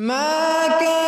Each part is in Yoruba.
My God.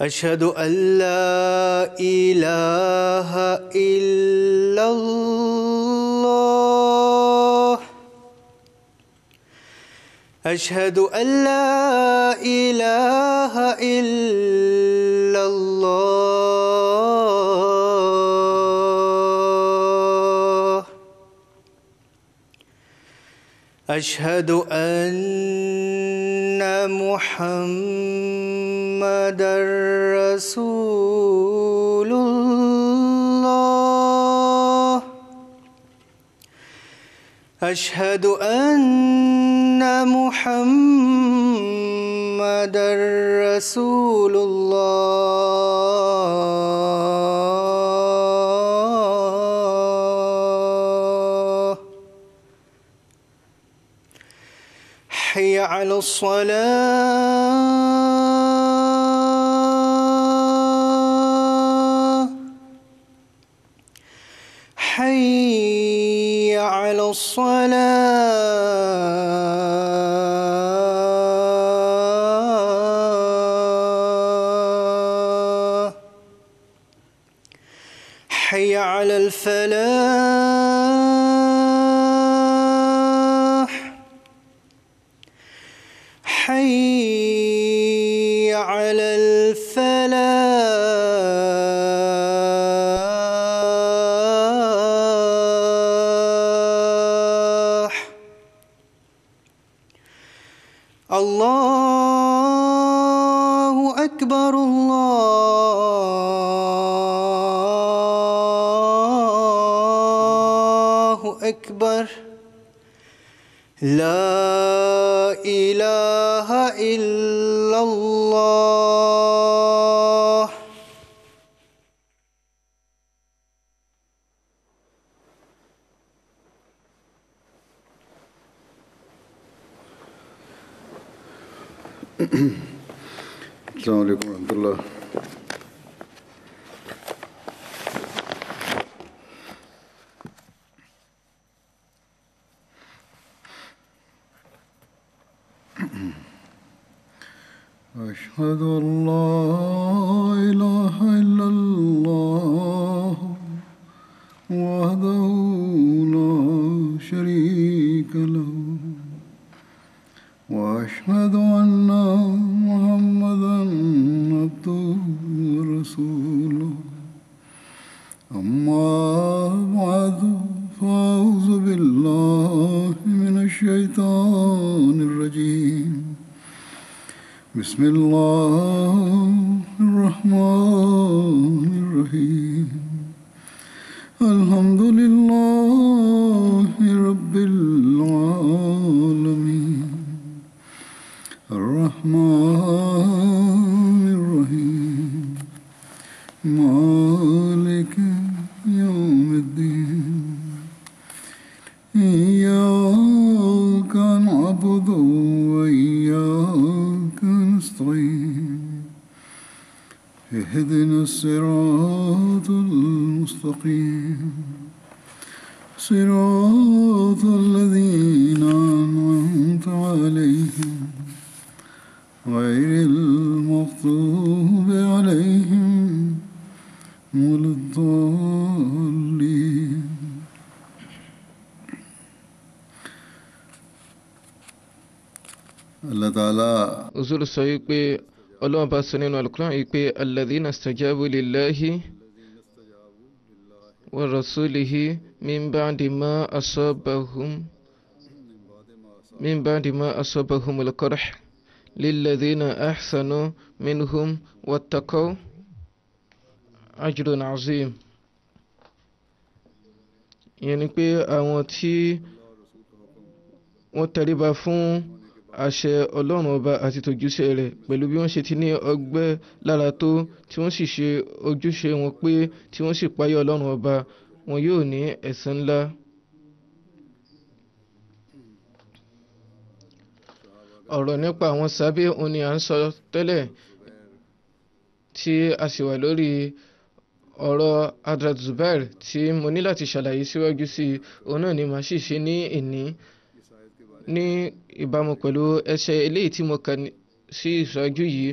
أشهد أن لا إله إلا الله أشهد أن لا إله إلا الله أشهد أن محمد محمد رسول الله أشهد أن محمد رسول الله حي على الصلاه الصلاة أشهد أن لا بسم الله حضور صحيح پہ اللہ عباس سنین والقرآن الذين استجابوا لله ورسوله من بعد ما أصابهم من بعد ما أصابهم القرح للذين أحسنوا منهم واتقوا أجر عظيم يعني بي أوتي àṣẹ ọlọ́run ọba àti tòjúṣe rẹ̀ pẹ̀lú bí wọ́n ṣe ti ní ọgbẹ́ lára tó tí wọ́n sì ṣe ojúṣe wọn pé tí wọ́n sì páyà ọlọ́run ọba wọn yóò ní ẹ̀san ńlá. ọ̀rọ̀ nípa àwọn sábẹ́ òun ni à ń sọ tẹ́lẹ̀ tí a sì wà lórí ọ̀rọ̀ Hadrat Zubair tí mo ní láti ṣàlàyé síwájú sí i òun náà ni màá sì ṣe ní ìní ní ìbámu pẹ̀lú ẹsẹ̀ eléyìí tí mo kà sí ìṣáájú yìí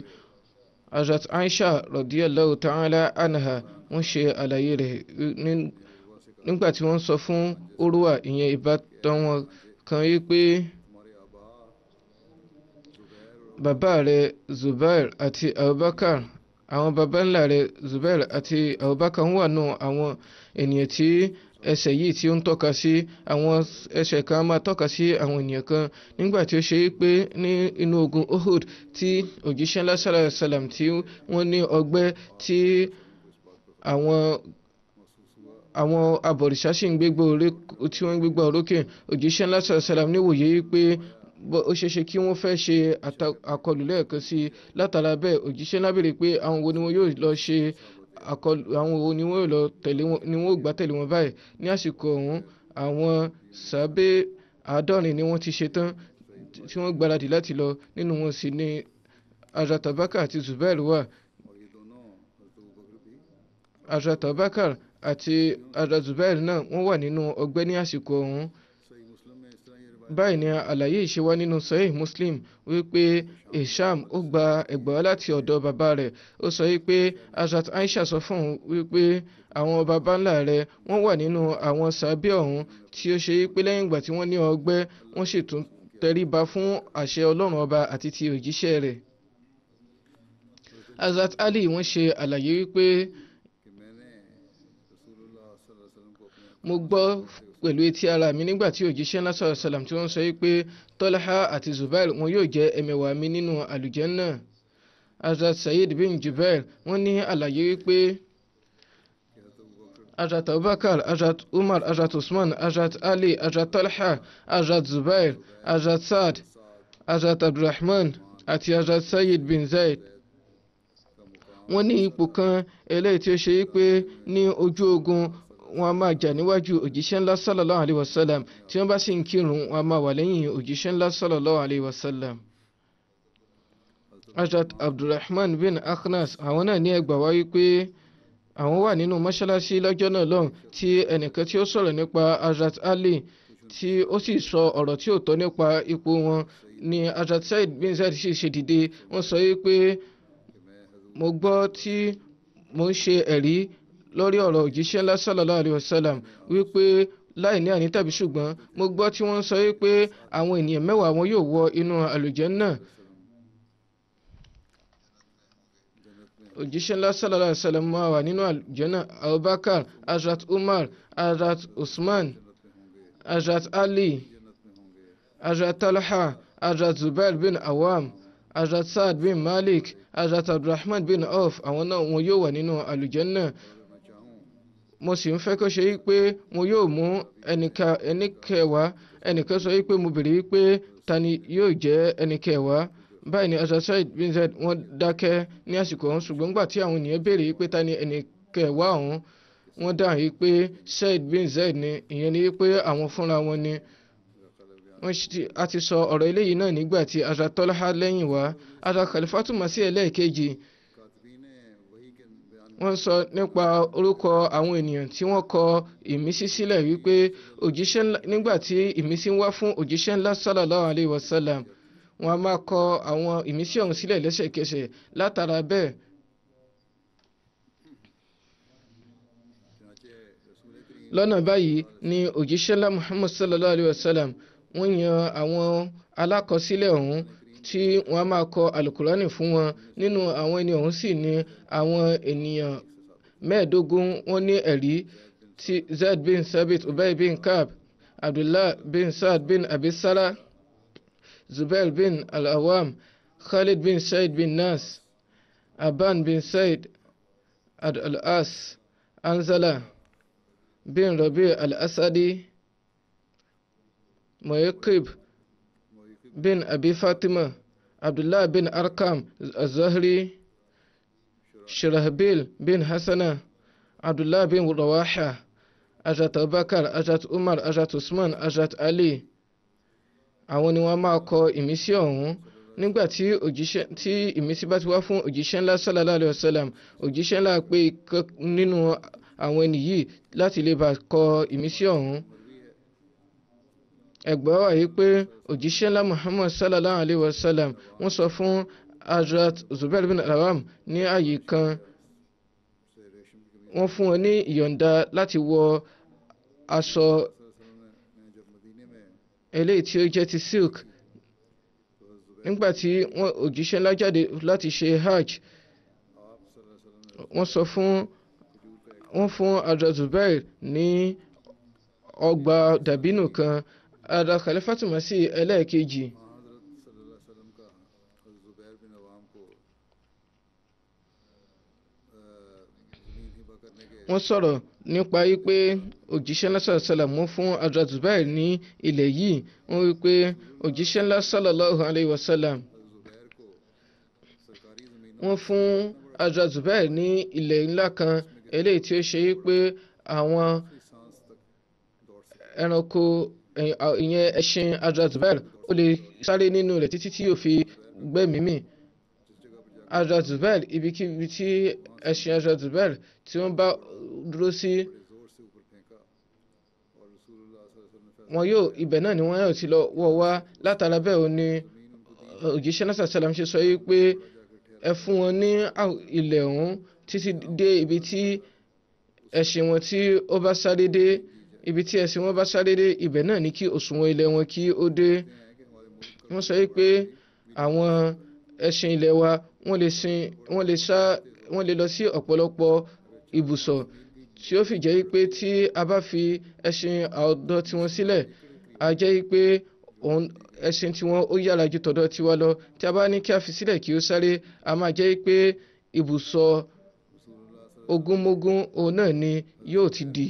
azat aisha radiyallahu ta'ala anha wọ́n ṣe àlàyé rẹ̀ nígbà tí wọ́n sọ fún urwa ìyẹn ìbátan wọn kan yìí pé bàbá rẹ̀ zubair àti abubakar àwọn baba ńlá rẹ̀ zubair àti abubakar wà nù àwọn ènìyàn tí ẹsẹ̀ yìí tí ó ń tọ́ka sí àwọn ẹsẹ̀ kan máa tọ́ka sí àwọn ènìyàn kan nígbà tí ó ṣe é pé ní inú ogun Uhud tí òjíṣẹ́ ńlá sàlàsàlàm tí wọ́n ní ọgbẹ́ tí àwọn àwọn abọ̀rìṣà sì ń gbégbá orí tí wọ́n ń gbégbá orókè òjíṣẹ́ ńlá sàlàsàlàm níwòye pé ó ṣeéṣe kí wọ́n fẹ́ ṣe àkọlù lẹ́ẹ̀kan sí i látara bẹ́ẹ̀ òjíṣẹ́ lábẹ̀rẹ̀ pé àwọn wo ni wọn yóò lọ ṣe àkọlù àwọn wo ni wọ́n lọ tẹ̀lé wọn ni wọ́n gbà tẹ̀lé wọn báyìí ní àsìkò ọ̀hún àwọn sábẹ́ àádọ́rin ni wọ́n ti ṣetán tí wọ́n gbáradì láti lọ nínú wọn sì ni azatabakar àti zubair wà azatabakar àti azazubair náà wọ́n wà nínú ọgbẹ́ ní àsìkò ọ̀hún báyìí ni àlàyé yìí ṣe wá nínú sahih muslim wípé isham ó gba ẹgbàá láti ọ̀dọ̀ bàbá rẹ̀ ó sọ wípé azat aisha sọ fún òun wípé àwọn baba ńlá rẹ̀ wọ́n wà nínú àwọn sàbí ọ̀hún tí ó ṣe wípé lẹ́yìn ìgbà tí wọ́n ní ọgbẹ́ wọ́n sì tún tẹríba fún àṣẹ ọlọ́run ọba àti ti òjíṣẹ́ rẹ̀ azat ali wọ́n ṣe àlàyé wípé mo gbọ́ pẹ̀lú etí ara mi nígbà tí òjíṣẹ́ náà sọ̀rọ̀ sàlám tí wọ́n sọ pé tọ́láhà àti zubair wọn yóò jẹ́ ẹmẹ̀wà mi nínú àlùjánnà azat sayid bin jubair wọ́n ní àlàyé wípé azat abubakar azat umar azat usman azat ali azat talha azat zubair azat saad azat abdulrahman àti azat sayid bin zaid wọ́n ní ipò kan eléyìí tí ó ṣe é pé ní ojú ogun wọn a máa jà níwájú òjíṣẹ́ ńlá sallallahu alayhi wa sallam tí wọ́n bá sì ń kírun wọn máa wà lẹ́yìn òjíṣẹ́ ńlá sallallahu alayhi wa sallam. Abdulrahman bin Akhnas àwọn náà ní ẹgbàá wáyé pé àwọn wà nínú mọ́ṣáláṣí lọ́jọ́ náà lọ́hùn tí ẹnìkan tí ó sọ̀rọ̀ nípa Hazrat Ali tí ó sì sọ ọ̀rọ̀ tí ó tọ́ nípa ipò wọn ni Hazrat Said bin Zaid sì ṣe dìde wọ́n sọ wípé mo gbọ́ tí mo ń ṣe ẹ̀rí lórí ọ̀rọ̀ òjíṣẹ́ ńlá sallallahu alaihi wasallam wípé láì ní àní tàbí ṣùgbọ́n mo gbọ́ tí wọ́n ń sọ wípé àwọn ènìyàn mẹ́wàá wọn yóò wọ inú àlùjánnà òjíṣẹ́ ńlá sallallahu alaihi wasallam máa wà nínú àlùjánnà abubakar azrat umar azrat usman azrat ali azrat talha azrat zubair bin awam azrat saad bin malik azrat abdulrahman bin auf àwọn náà wọn yóò wà nínú àlùjánnà mo sì ń fẹ́ kó ṣe wípé mo yóò mú ẹnìkẹwàá ẹnìkan sọ wípé mo bèrè wípé ta ni yóò jẹ́ ẹnìkẹwàá báyìí ni azasaid bin zaid wọ́n dákẹ́ ní àsìkò ọ̀hún ṣùgbọ́n nígbà tí àwọn ènìyàn bèrè wípé ta ni ẹnìkẹwàá ọ̀hún wọ́n dáhùn wípé said bin zaid ni ìyẹn ni wípé àwọn fúnra wọn ni a ti sọ ọ̀rọ̀ eléyìí náà nígbà tí azatollah lẹ́yìn wá azakhalifatu masi ẹlẹ́ẹ̀kejì wọ́n sọ nípa orúkọ àwọn ènìyàn tí wọ́n kọ ìmísí sílẹ̀ wípé òjíṣẹ́ nígbà tí ìmísí ń wá fún òjíṣẹ́ ńlá sallallahu alayhi wa sallam wọ́n a máa kọ àwọn ìmísí ọ̀hún sílẹ̀ lẹ́sẹ̀kẹsẹ̀ látara bẹ́ẹ̀ lọ́nà báyìí ni òjíṣẹ́ ńlá Muhammad sallallahu alayhi wa sallam wọ́n yan àwọn alákọsílẹ̀ ọ̀hún tí wọ́n á máa kọ alukurani fún wọn nínú àwọn ẹni ọ̀hún sì ni àwọn ènìyàn mẹ́ẹ̀ẹ́dógún wọ́n ní ẹ̀rí tí zaid bin sabit ubay bin kab abdullah bin saad bin abisala zubair bin al-awam khalid bin said bin nas aban bin said al-as anzala bin rabi al-asadi moyekib bin abi fatima abdullah bin arkam azahri shirahbil bin hasana abdullah bin rawaha ajat abubakar ajat umar ajat usman ajat ali àwọn ni wọ́n máa kọ ìmísí ọ̀hún nígbà tí òjíṣẹ́ tí ìmísí bá ti wá fún òjíṣẹ́ ńlá sallallahu alayhi wa sallam òjíṣẹ́ ńlá pé nínú àwọn ẹni yìí láti lè bá kọ ìmísí ọ̀hún ẹgbọ́rọ̀ yìí pé òjíṣẹ́ ńlá muhammad sallallahu alayhi wa sallam wọ́n sọ fún Hazrat Zubair bin Awam ní ààyè kan wọ́n fún wọn ní ìyọ̀ǹda láti wọ aṣọ eléyìí tí ó jẹ́ ti silk nígbà tí wọ́n òjíṣẹ́ ńlá jáde láti ṣe hajj wọ́n sọ fún wọ́n fún Hazrat Zubair ní ọgbà dàbínù kan àdàkàlẹ́ fàtúmọ̀sí ẹlẹ́ẹ̀kejì. wọ́n sọ̀rọ̀ nípa wípé òjíṣẹ́ ńlá sàlàmù fún Hazrat Zubair ní ilẹ̀ yìí wọ́n wípé òjíṣẹ́ ńlá sallallahu alayhi wa sallam wọ́n fún Hazrat Zubair ní ilẹ̀ ńlá kan eléyìí tí ó ṣe wípé àwọn ẹranko ìyẹn ẹṣin Adrasval ó lè sáré nínú rẹ̀ títí tí yóò fi gbẹ́mìí mì Adrasval ibikíbi tí ẹṣin Adrasval tí wọ́n bá dúró sí wọn yóò ibẹ̀ náà ni wọ́n yóò ti lọ wọ́ wá látara bẹ́ẹ̀ ó ní òjíṣẹ́ náà sàṣàlám ṣe sọ yìí pé ẹ fún wọn ní ilẹ̀ ọ̀hún títí dé ibi tí ẹṣin wọn tí ó bá sáré dé ibi tí ẹsìn wọn bá sáré dé ibẹ̀ náà ni kí òṣùwọ̀n ilẹ̀ wọn kí ó dé wọ́n sọ pé àwọn ẹṣin ilẹ̀ wa wọ́n lè lọ sí ọ̀pọ̀lọpọ̀ ibùsọ̀ tí ó fi jẹ́ pé tí a bá fi ẹṣin ọ̀dọ́ tiwọn sílẹ̀ a jẹ́ pé ẹṣin tiwọn ó yára ju tọ̀dọ̀ tiwa lọ tí a bá ní kí a fi sílẹ̀ kí ó sáré a máa jẹ́ pé ibùsọ̀ ogúnmógún òun náà ni yóò ti dì.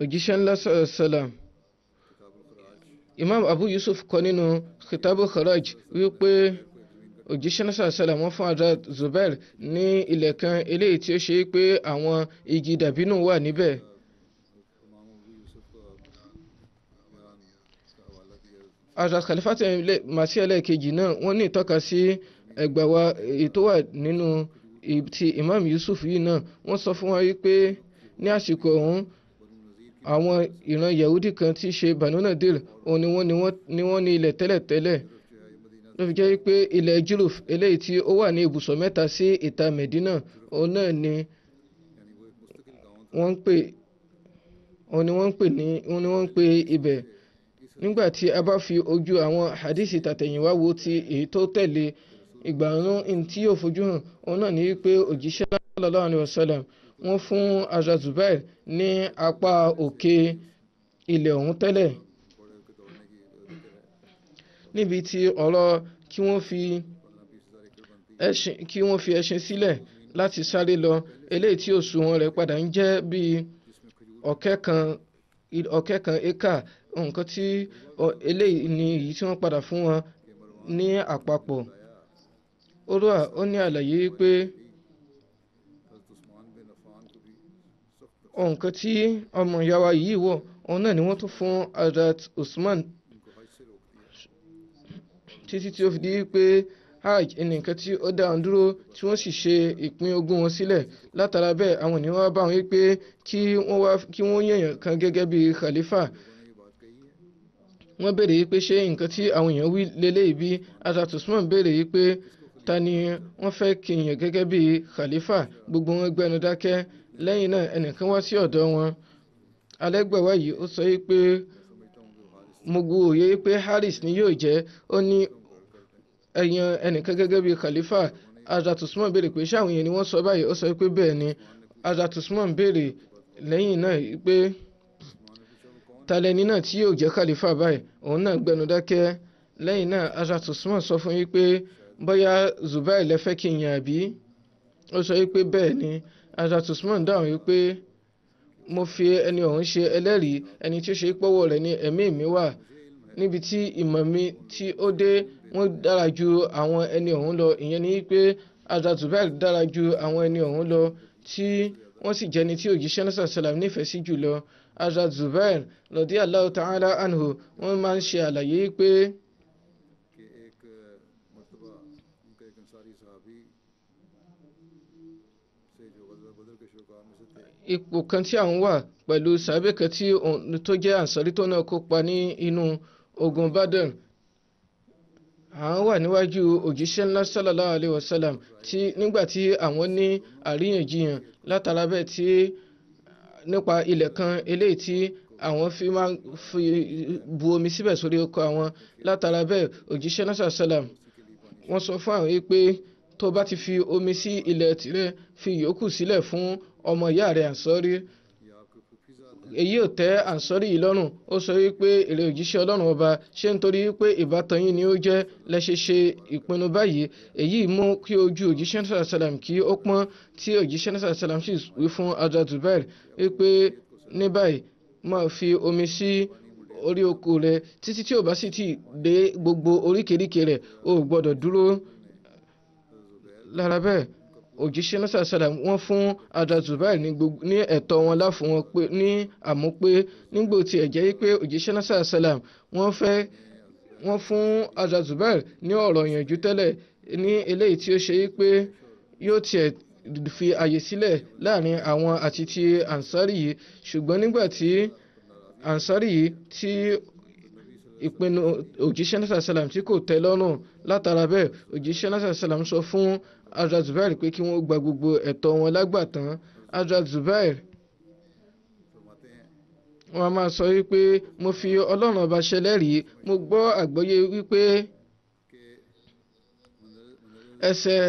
òjíṣẹ́ ńlá imam abu yusuf kọ nínú khitabu kharaj wípé òjíṣẹ́ ńlá sọ̀rọ̀sọ̀lá wọ́n fún àdá zubair ní ilẹ̀ kan eléyìí tí ó ṣe pé àwọn igi dàbínú wà níbẹ̀. àdá kàlífàtì màsí ẹlẹ́ẹ̀kejì náà wọ́n ní ìtọ́ka sí ẹgbàwa ètò wà nínú ti imam yusuf yìí náà wọ́n sọ fún wa wípé ní àsìkò ọ̀hún àwọn ìran yahudi kan tí í ṣe Banu Nadir òun ni wọ́n ni wọ́n ni ilẹ̀ tẹ́lẹ̀tẹ́lẹ̀ ló fi jẹ́ pé ilẹ̀ Juruf eléyìí tí ó wà ní ibùsọ̀ mẹ́ta sí ìta Medina òun náà ni wọ́n ń pè òun ni wọ́n ń pè ní òun ni wọ́n ń pè ibẹ̀ nígbà tí a bá fi ojú àwọn hadisi tàtẹ̀yìnwá wo ti èyí tó tẹ̀lé ìgbà ọ̀run tí yóò fojú hàn òun náà ní wípé òjíṣẹ́ sallallahu alaihi wasallam wọ́n fún aṣa zubair ní apá òkè ilẹ̀ ọ̀hún tẹ́lẹ̀ níbi tí ọ̀rọ̀ kí wọ́n fi ẹṣin sílẹ̀ láti sáré lọ eléyìí tí òṣùwọ̀n rẹ̀ padà ń jẹ́ bíi ọ̀kẹ́ kan ọ̀kẹ́ kan éka nǹkan tí eléyìí ni èyí tí wọ́n padà fún wọn ní àpapọ̀ orúà ó ní àlàyé pé. nǹkan tí ọmọ ìyá wa yìí wọ̀ òun náà ni wọ́n tún fún Hazrat Usman títí tí ó fi di pé hajj ẹnìkan tí ó dá wọn dúró tí wọ́n sì ṣe ìpín ogún wọn sílẹ̀ látara bẹ́ẹ̀ àwọn ènìyàn wá bá wọn pé kí wọ́n yẹ̀yàn kan gẹ́gẹ́ bí khalifa wọ́n béèrè yìí pé ṣé nǹkan tí àwọn èèyàn wí lélẹ́yìí bí Hazrat Usman béèrè yìí pé ta ni wọ́n fẹ́ kí gẹ́gẹ́ bí khalifa gbogbo wọn gbẹnu dákẹ́ lẹ́yìn náà ẹnìkan wá sí ọ̀dọ̀ wọn alẹ́gbẹ̀wá yìí ó sọ pé mo gbòòye pé Harris ni yóò jẹ́ ó ní ẹ̀yàn ẹnìkan gẹ́gẹ́ bíi Khalifa Hazrat Usman béèrè pé ṣáwọn yẹn ni wọ́n sọ báyìí ó sọ pé bẹ́ẹ̀ ni azatusman bere béèrè lẹ́yìn náà pé talẹ́ni náà tí yóò jẹ́ Khalifa báyìí òun náà gbẹnu dákẹ́ lẹ́yìn náà Hazrat sọ fún yín pé bóyá Zubair lẹ́fẹ́ kí n yàn àbí ó sọ pé bẹ́ẹ̀ ni. Hazrat Usman dáhùn wípé mo fi ẹni ọ̀hún ṣe ẹlẹ́rìí ẹni tí ó ṣe pọ́wọ́ rẹ̀ ní ẹ̀mí mi wà níbi tí ìmọ̀ mi tí ó dé wọ́n dára ju àwọn ẹni ọ̀hún lọ ìyẹn ni pé Hazrat Zubair dára ju àwọn ẹni ọ̀hún lọ tí wọ́n sì jẹ́ni tí òjíṣẹ́ náà sàlám nífẹ̀ẹ́ sí jùlọ Hazrat Zubair lọ́dí Allahu ta'ala anhu wọ́n máa ń ṣe àlàyé pé. ipò kan tí àwọn wà pẹ̀lú sàábẹ̀ kan tí tó jẹ́ ànsọ́rí tó náà kópa ní inú ogun Badr àwọn wà níwájú òjíṣẹ́ ńlá sallallahu alayhi wa sallam tí nígbà tí àwọn ní àríyànjiyàn látara bẹ́ẹ̀ tí nípa ilẹ̀ kan eléyìí tí àwọn fi máa fi bu omi síbẹ̀ sórí oko àwọn látara bẹ́ẹ̀ òjíṣẹ́ náà sàlám wọ́n sọ fún àwọn pé tó bá ti fi omi sí ilẹ̀ tirẹ̀ fi yòókù sílẹ̀ fún ọmọ ìyá rẹ̀ ànsọ́rí èyí ò tẹ́ ànsọ́rí yìí lọ́rùn ó sọ wípé èrè òjíṣẹ́ ọlọ́run ọba ṣé nítorí wípé ìbátan yín ni ó jẹ́ lẹ́ṣẹ̀ ṣe ìpinnu báyìí èyí mú kí ojú òjíṣẹ́ náà sàlám kí ó pọ́n tí òjíṣẹ́ náà sàlám sì wí fún adra zubair wípé ní báyìí máa fi omi sí orí oko rẹ títí tí ò bá sì ti dé gbogbo oríkèéríkèé rẹ ò gbọ́dọ̀ dúró lára bẹ́ẹ̀ òjíṣẹ́ náà sàṣàlà wọ́n fún Hazrat Zubair ní ẹ̀tọ́ wọn láfún wọn pé ní àmọ́ pé nígbò tí ẹ̀ jẹ́ pé òjíṣẹ́ náà sàṣàlà wọ́n fẹ́ wọ́n fún Hazrat Zubair ní ọ̀rọ̀ ìyànjú tẹ́lẹ̀ ní eléyìí tí ó ṣe pé yóò tiẹ̀ fi àyè sílẹ̀ láàrin àwọn àti ti ansari yìí ṣùgbọ́n nígbà tí ansari yìí tí ìpinnu òjíṣẹ́ náà sàṣàlà tí kò tẹ́ lọ́rùn látara bẹ́ẹ̀ òjíṣẹ́ náà sọ fún Hazrat Zubair pé kí wọ́n gba gbogbo ẹ̀tọ́ wọn lágbàtàn Hazrat Zubair wọn a máa sọ wípé mo fi ọlọ́run ọba ṣẹlẹ́rìí mo gbọ́ àgbọ́yé wípé ẹsẹ̀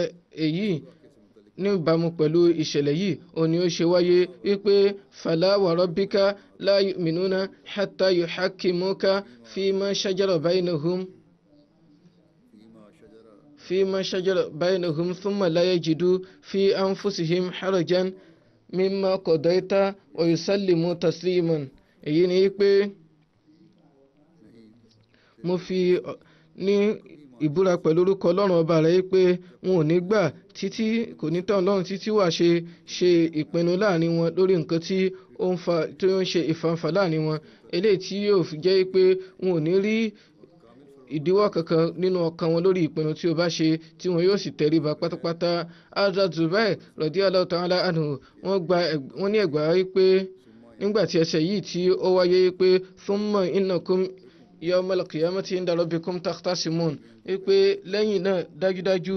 èyí ní ìbámu pẹ̀lú ìṣẹ̀lẹ̀ yìí òun ó ṣe wáyé wípé fala wa rabbika la yu'minuna hatta yuhakkimuka fima shajara bainahum. فيما شجر بينهم ثم لا يجدوا في أنفسهم حرجا مما قضيت ويسلموا تسليما èyí ni pé mo fi ní ìbúra pẹ̀lú orúkọ ọlọ́run ọba rẹ̀ pé wọn ò ní gbà títí kò ní tán ọlọ́run títí wà ṣe ṣe ìpinnu láàrin wọn lórí nǹkan tí ó ń ṣe ìfàǹfà láàrin wọn eléyìí tí yóò jẹ́ pé wọn ò ní rí ìdíwọ́ kankan nínú ọkàn wọn lórí ìpinnu tí o bá ṣe tí wọn yóò sì tẹríba pátápátá Hazrat Zubair radiyallahu ta'ala anhu wọ́n ní ẹ̀gbà pé nígbàtí ẹsẹ̀ yìí tí ó wáyé pé thumma innakum yawmal qiyamati inda rabbikum takhtasimun pé lẹ́yìn náà dájúdájú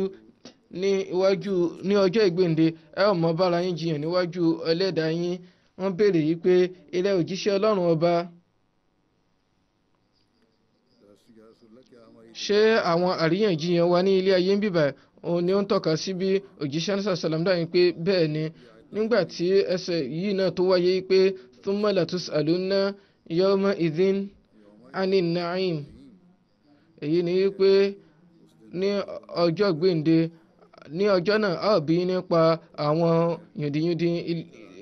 ní iwájú ní ọjọ́ ìgbèǹde ẹ ò mọ̀ bára yín jiyàn níwájú ẹlẹ́dàá yín wọ́n béèrè yìí pé ilẹ̀ òjíṣẹ́ ọlọ́run ọba ṣé àwọn àríyànjiyàn wa ní ilé ayé ń bìbà òun ni ó ń tọ́ka sí bí òjíṣẹ́ náà sàlám dáhùn pé bẹ́ẹ̀ ni nígbà tí ẹsẹ̀ yìí náà tó wáyé pé thumma latus'alunna yawma idhin anin na'im èyí ni wípé ní ọjọ́ gbèǹde ní ọjọ́ náà a bí nípa àwọn yìndínyìndín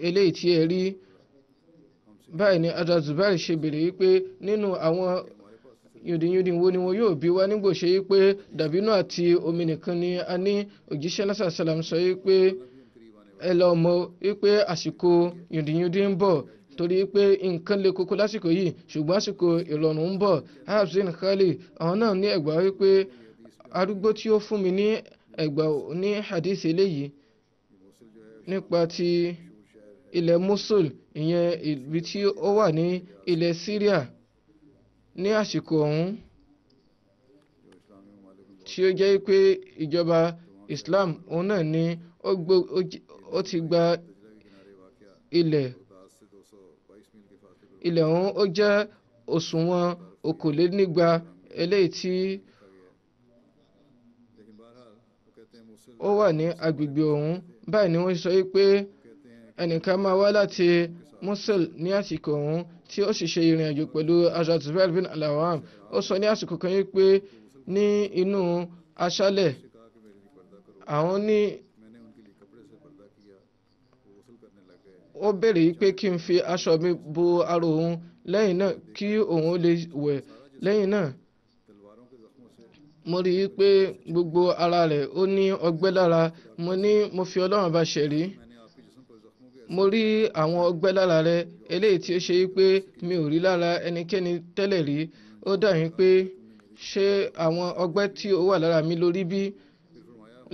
eléyìí tí ẹ rí báyìí ni Adra ṣe béèrè wípé nínú àwọn yòdìyòdì wo ni wọn yóò bí wa nígbò ṣe yí pé dàbínú àti omi nìkan ni a ní òjíṣẹ́ lásán sàlám sọ yí pé ẹ lọ mọ̀ yí pé àsìkò yòdìyòdì ń bọ̀ torí pé nǹkan le koko lásìkò yìí ṣùgbọ́n àsìkò ìrọ̀rùn ń bọ̀ abzin khali àwọn náà ní ẹ̀gbà wípé arúgbó tí ó fún mi ní ẹ̀gbà ní hadith eléyìí nípa ti ilẹ̀ mosul ìyẹn ibi tí ó wà ní ilẹ̀ syria ní àsìkò ọ̀hún tí ó jẹ́ pé ìjọba Islam òun náà ni ó ti gba ilẹ̀ ilẹ̀ ọ̀hún ó jẹ́ òṣùwọ̀n okòlénígba eléyìí tí ó wà ní agbègbè ọ̀hún báyìí ni wọ́n sọ pé ẹnìkan máa wá láti Mosul ní àsìkò ọ̀hún tí ó sì ṣe ìrìn àjò pẹ̀lú Hazrat Zubair bin Al-Awwam ó sọ ní àsìkò kan yìí pé ní inú aṣálẹ̀ àwọn ní ó béèrè yìí pé kí n fi aṣọ mi bo ara òun lẹ́yìn náà kí òun lè wẹ̀ lẹ́yìn náà mo rí i pé gbogbo ara rẹ̀ ó ní ọgbẹ́ lára mo ní mo fi Ọlọ́run bá ṣẹ̀rí mo rí àwọn ọgbẹ́ lára rẹ eléyìí tí ó ṣe pé mi ò rí lára ẹnikẹ́ni tẹ́lẹ̀ rí ó dàbí pé ṣé àwọn ọgbẹ́ tí ó wà lára mi lórí bí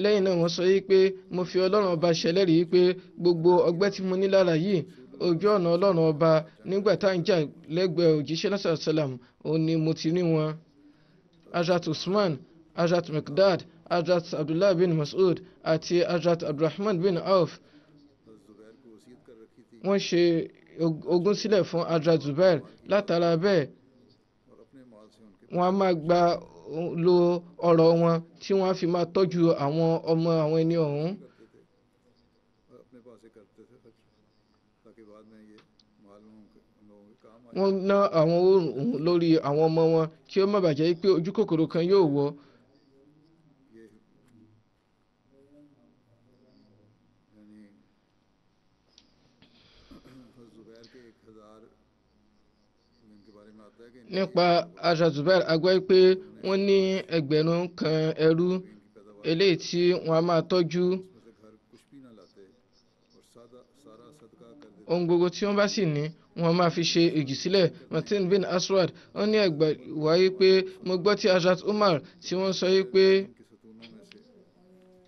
lẹ́yìn náà wọ́n sọ yìí pé mo fi ọlọ́run ọba ṣẹlẹ́rìí pé gbogbo ọgbẹ́ tí mo ní lára yìí ojú ọ̀nà ọlọ́run ọba nígbà tá à ń jà lẹ́gbẹ̀ẹ́ òjíṣẹ́ lọ́sàá sálàm òun ni mo ti rí wọn. Hazrat Usman Hazrat Mikdad Hazrat Abdullah bin Mas'ud àti Hazrat Abdulrahman bin Auf wọ́n ṣe ogún sílẹ̀ fún Hazrat Zubair látara bẹ́ẹ̀ wọ́n á máa gba lo ọ̀rọ̀ wọn tí wọ́n á fi máa tọ́jú àwọn ọmọ àwọn ẹni ọ̀hún. wọ́n ná àwọn òòrùn lórí àwọn ọmọ wọn kí ó má bàjẹ́ pé ojú kòkòrò kan yóò wọ̀ ọ́. nípa aṣọ zubair a gbọ́ pé wọ́n ní ẹgbẹ̀rún kan ẹrú eléyìí tí wọ́n á máa tọ́jú ohun gbogbo tí wọ́n bá sì ní wọ́n máa fi ṣe ìjì sílẹ̀ martin bin aswad wọ́n ní ẹgbà wáyé pé mo gbọ́ tí Hazrat umar tí wọ́n sọ pé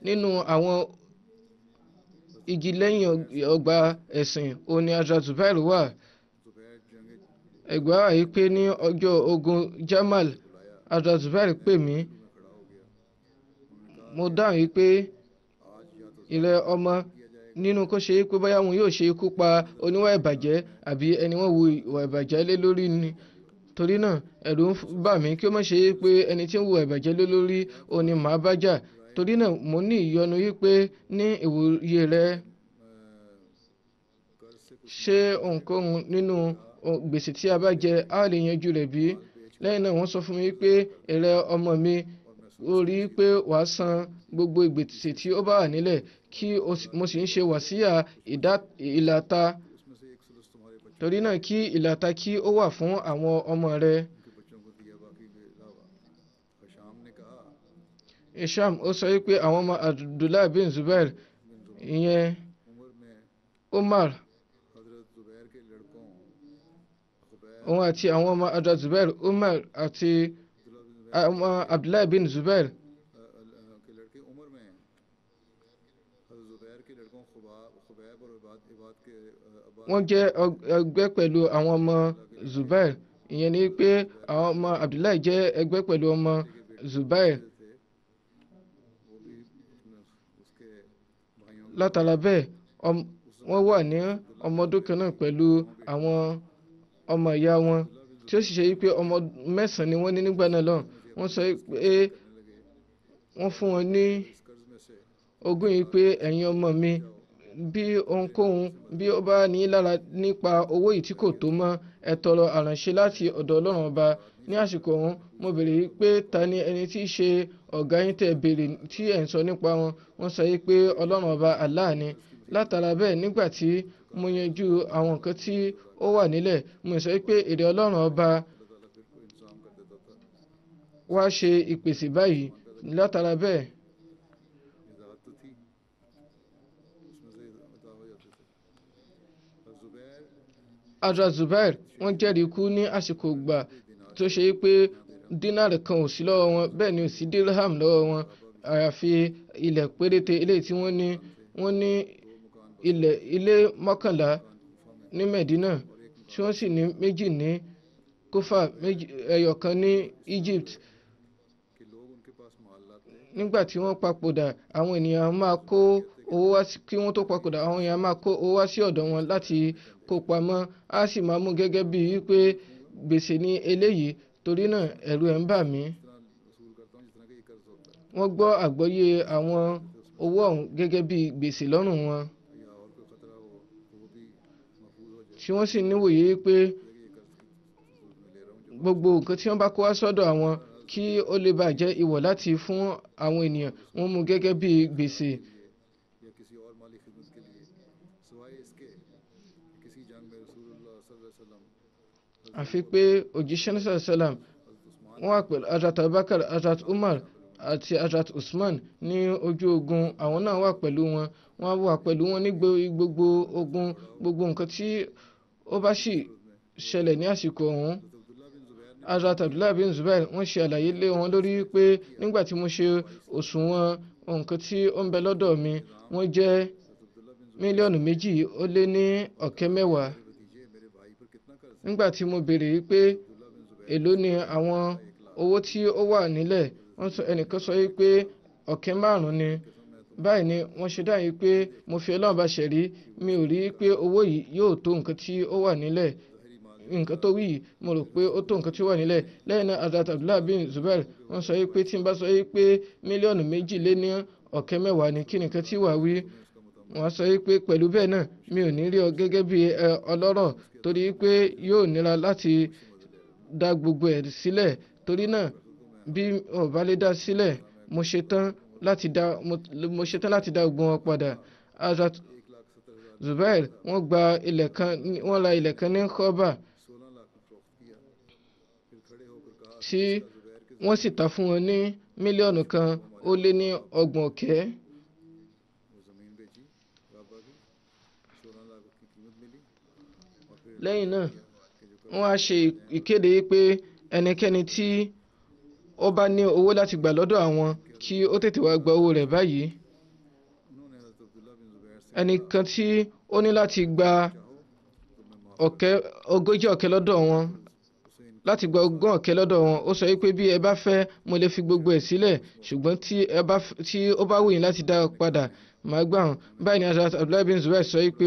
nínú àwọn igi lẹ́yìn ọgbà ẹ̀sìn òní Hazrat zubair wà ẹgbẹ́ wà yìí pé ní ọjọ́ ogun Jamal abdulzubair pè mí mo dáhùn yìí pé ilẹ̀ ọmọ nínú kó ṣe pé bóyá wọn yóò ṣe ikú pa oníwà ìbàjẹ́ àbí ẹni wọ́n wu ìwà ìbàjẹ́ lé lórí ni torí náà ẹ̀rù ń bà mí kí ó má ṣe pé ẹni tí ń wu ìbàjẹ́ lé lórí òní màá bá jà torí náà mo ní ìyọnu yìí pé ní ìwòye rẹ ṣe ohunkóhun nínú gbèsè tí a bá jẹ a lè yanjú rẹ̀ bí lẹ́yìn náà wọ́n sọ fún mi pé ẹ̀rẹ́ ọmọ mi ó rí i pé wàá san gbogbo ìgbèsè tí ó bá wà nílẹ̀ kí mo sì ń ṣe wàsíyà ìlàta torí náà kí ìlàta kí ó wà fún àwọn ọmọ rẹ. isham ó sọ wípé àwọn ọmọ abdullahi bin zubair ìyẹn umar òun àti àwọn ọmọ ọ̀dọ̀ Zubair Umar àti ọmọ Abdullahi bin Zubair. wọ́n jẹ́ ẹgbẹ́ pẹ̀lú àwọn ọmọ Zubair ìyẹn ni pé àwọn ọmọ Abdullahi jẹ́ ẹgbẹ́ pẹ̀lú ọmọ Zubair. látara bẹ́ẹ̀ wọ́n wà ní ọmọ kan náà pẹ̀lú àwọn ọmọ ìyá wọn tí ó sì ṣe wípé ọmọ mẹ́sàn-án ni wọ́n ní nígbà náà lọ́hùn wọ́n sọ pé wọ́n fún wọn ní ogún yìí pé ẹ̀yin ọmọ mi bí ohunkóhun bí ó bá ní lára nípa owó yìí tí kò tó mọ́ ẹ tọrọ àrànṣe láti ọ̀dọ̀ ọlọ́run ọba ní àsìkò ọ̀hún mo béèrè pé ta ni ẹni tí í ṣe ọ̀gá yín tẹ̀ béèrè tí ẹ̀ ń sọ nípa wọn wọ́n sọ yìí pé ọlọ́run ọba Allah látara bẹ́ẹ̀ nígbà tí mo yanjú àwọn nǹkan tí ó wà nílẹ̀ mo sọ pé èrè ọlọ́run ọba wá ṣe ìpèsè báyìí látara bẹ́ẹ̀. Hazrat Zubair wọ́n jẹ́rìí kú ní àsìkò ìgbà tó ṣe pé dínárì kan ò sí lọ́wọ́ wọn bẹ́ẹ̀ ni ò sí dirham lọ́wọ́ wọn àyàfi ilẹ̀ péréte eléyìí tí wọ́n ní wọ́n ní ilẹ̀ ilé mọ́kànlá ní medina tí wọ́n sì ní méjì ní kófà ẹyọ ní egypt nígbà tí wọ́n papòdà àwọn ènìyàn máa kó owó wá sí kí wọ́n tó papòdà àwọn èèyàn máa kó owó wá sí ọ̀dọ̀ wọn láti kó pamọ́ á sì máa mú gẹ́gẹ́ bí wípé gbèsè ní eléyìí torí náà ẹ̀rù ẹ̀ ń bà mí. wọ́n gbọ́ àgbọ́yé àwọn owó ọ̀hún gẹ́gẹ́ bí gbèsè lọ́rùn wọn. tí wọ́n sì níwòye pé gbogbo nǹkan tí wọ́n bá kó wá sọ́dọ̀ àwọn kí ó lè bàa jẹ́ ìwọ̀ láti fún àwọn ènìyàn wọ́n mú gẹ́gẹ́ bí gbèsè. àfi pé òjíṣẹ́ náà sàlám wọ́n wà pẹ̀lú Hazrat Abubakar Hazrat Umar àti Hazrat Usman ní ojú ogun àwọn náà wà pẹ̀lú wọn wọ́n wà pẹ̀lú wọn ní gbogbo ogun gbogbo nǹkan tí ó bá sì ṣẹlẹ̀ ní àsìkò ọ̀hún Hazrat Abdullah bin Zubair wọ́n ṣe àlàyé lé wọn lórí pé nígbà tí mo ṣe òṣùwọ̀n nǹkan tí ó ń bẹ lọ́dọ̀ mi wọ́n jẹ́ mílíọ̀nù méjì ó lé ní ọ̀kẹ́ mẹ́wàá nígbà tí mo béèrè pé èló ni àwọn owó tí ó wà nílẹ̀ ẹnìkan sọ pé ọ̀kẹ́ márùn-ún ni báyìí ni wọ́n ṣe dáhìí pé mo fi ọlọ́run bá ṣẹ̀rí mi ò rí pé owó yìí yóò tó nǹkan tí ó wà nílẹ̀ nǹkan tó wí yìí mo rò pé ó tó nǹkan tí ó wà nílẹ̀ lẹ́yìn náà Hazrat Abdullah bin Zubair wọ́n sọ pé tí n bá sọ pé mílíọ̀nù méjì lé ní ọ̀kẹ́ mẹ́wàá ni kí nìkan tí wà wí wọ́n sọ pé pẹ̀lú bẹ́ẹ̀ náà mi ò ní rí ọ gẹ́gẹ́ bí ọlọ́rọ̀ torí pé yóò nira láti dá gbogbo ẹ̀ sílẹ̀ torí náà bí ọ̀bá sílẹ̀ mo ṣe tán láti dá mo ṣetán láti dá ogun wọn padà Hazrat Zubair wọ́n gba ilẹ̀ kan wọ́n ra ilẹ̀ kan ní Khobar tí wọ́n sì ta fún wọn ní mílíọ̀nù kan ó lé ní ọgbọ̀n ọ̀kẹ́. lẹ́yìn náà wọ́n á ṣe ìkéde pé ẹnikẹ́ni tí ó bá ní owó láti gbà lọ́dọ̀ àwọn kí ó tètè wá gba owó rẹ̀ báyìí ẹnìkan tí ó ní láti gba ọ̀kẹ́ ogójì ọ̀kẹ́ lọ́dọ̀ wọn láti gba ogún ọ̀kẹ́ lọ́dọ̀ wọn ó sọ wípé bí ẹ bá fẹ́ mo lè fi gbogbo ẹ̀ sílẹ̀ ṣùgbọ́n tí ó bá wù yín láti dá padà màá gbà hàn báyìí ni Hazrat Abdullahi bin Zubair sọ wípé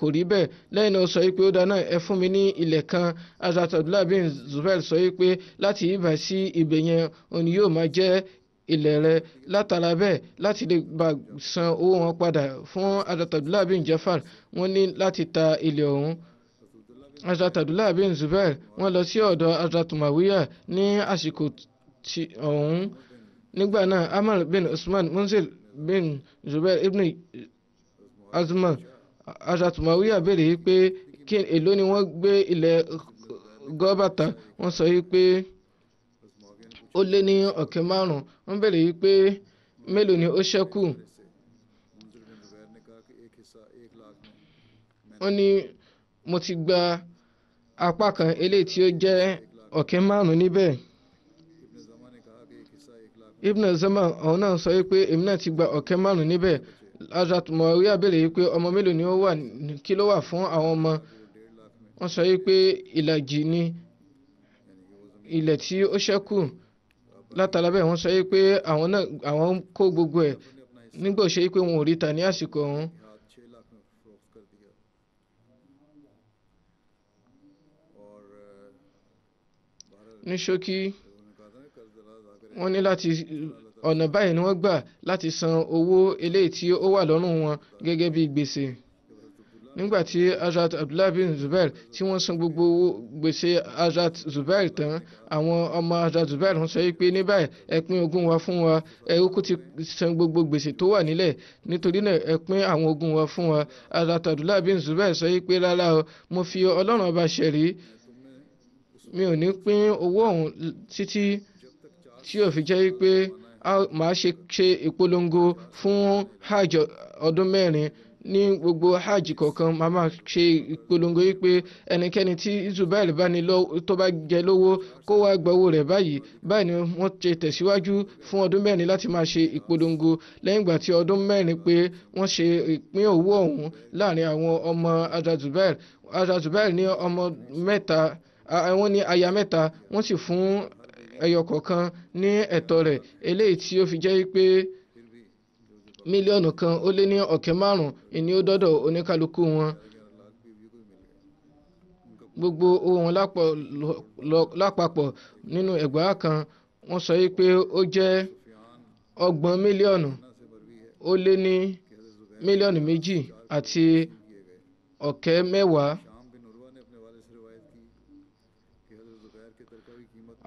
kò rí bẹ́ẹ̀ lẹ́yìn náà sọ wípé ó dáná ẹ fún mi ní ilẹ̀ kan Hazrat Abdullahi bin Zubair sọ wípé láti ibà sí ibẹ̀ yẹn òun yóò máa jẹ́ ilẹ̀ rẹ̀ látara bẹ́ẹ̀ láti lè bá san owó wọn padà fún adatadula bin jafar wọ́n ní láti ta ilẹ̀ ọ̀hún adatadula bin zubair wọ́n lọ sí ọ̀dọ̀ adatumawiya ní àsìkò ọ̀hún nígbà náà amar bin usman munzil bin zubair ibn azman adatumawiya béèrè pé kí èló ni wọ́n gbé ilẹ̀ gọ́bàtà wọ́n sọ yìí pé ó lé ní ọ̀kẹ́ márùn-ún ń béèrè wípé mélòó ni ó ṣẹ́kù ó ní mo ti gba apá kan eléyìí tí ó jẹ́ ọ̀kẹ́ márùn-ún níbẹ̀ Ibn Zaman ọ̀hún náà sọ wípé èmi náà ti gba ọ̀kẹ́ márùn-ún níbẹ̀ Hazrat Muawiya béèrè wípé ọmọ mélòó ni ó wà kí ló wà fún àwọn ọmọ wọ́n sọ wípé ìlàjì ni ilẹ̀ tí ó ṣẹ́kù látara bẹ́ẹ̀ wọ́n sọ yìí pé àwọn náà àwọn kó gbogbo ẹ̀ nígbà ṣe yìí pé wọn ò rí ta ní àsìkò ọ̀hún. ní ṣókí wọ́n ní láti ọ̀nà báyìí ni wọ́n gbà láti san owó eléyìí tí ó wà lọ́rùn wọn gẹ́gẹ́ bí gbèsè nígbàtí Hazrat Abdullah bin Zubair tí wọ́n san gbogbo owó gbèsè Hazrat Zubair tán àwọn ọmọ Hazrat Zubair ń sọ pé ní báyìí ẹ pín ogún wa fún wa ẹ kó ti san gbogbo gbèsè tó wà nílẹ̀ nítorí náà ẹ pín àwọn ogún wa fún wa Hazrat Abdullah bin Zubair sọ pé rárá o mo fi Ọlọ́run ọba ṣẹ̀rí mi ò ní pín owó ọ̀hún títí tí ò fi jẹ́ pé màá ṣe ìpolongo fún hajj ọdún mẹ́rin ní gbogbo hajj kọ̀ọ̀kan màá máa ṣe ìpolongo yìí pé ẹnikẹ́ni tí Zubair bá ní tó bá jẹ lówó kó wá gbowó rẹ̀ báyìí báyìí ni wọ́n ṣe tẹ̀síwájú fún ọdún mẹ́rin láti máa ṣe ìpolongo lẹ́yìn ìgbà tí ọdún mẹ́rin pé wọ́n ṣe ìpín owó ọ̀hún láàrin àwọn ọmọ Ada Zubair ní ọmọ mẹ́ta wọ́n ní aya mẹ́ta wọ́n sì fún ẹyọ kọ̀ọ̀kan ní ẹ̀tọ́ rẹ̀ eléyìí tí ó fi jẹ́ pé mílíọ̀nù kan ó lé ní ọ̀kẹ́ márùn-ún ni ó dọ́dọ̀ oníkálukú wọn gbogbo ohun lápapọ̀ nínú ẹgbàá kan wọ́n sọ pé ó jẹ́ ọgbọ̀n mílíọ̀nù ó lé ní mílíọ̀nù méjì àti ọ̀kẹ́ mẹ́wàá.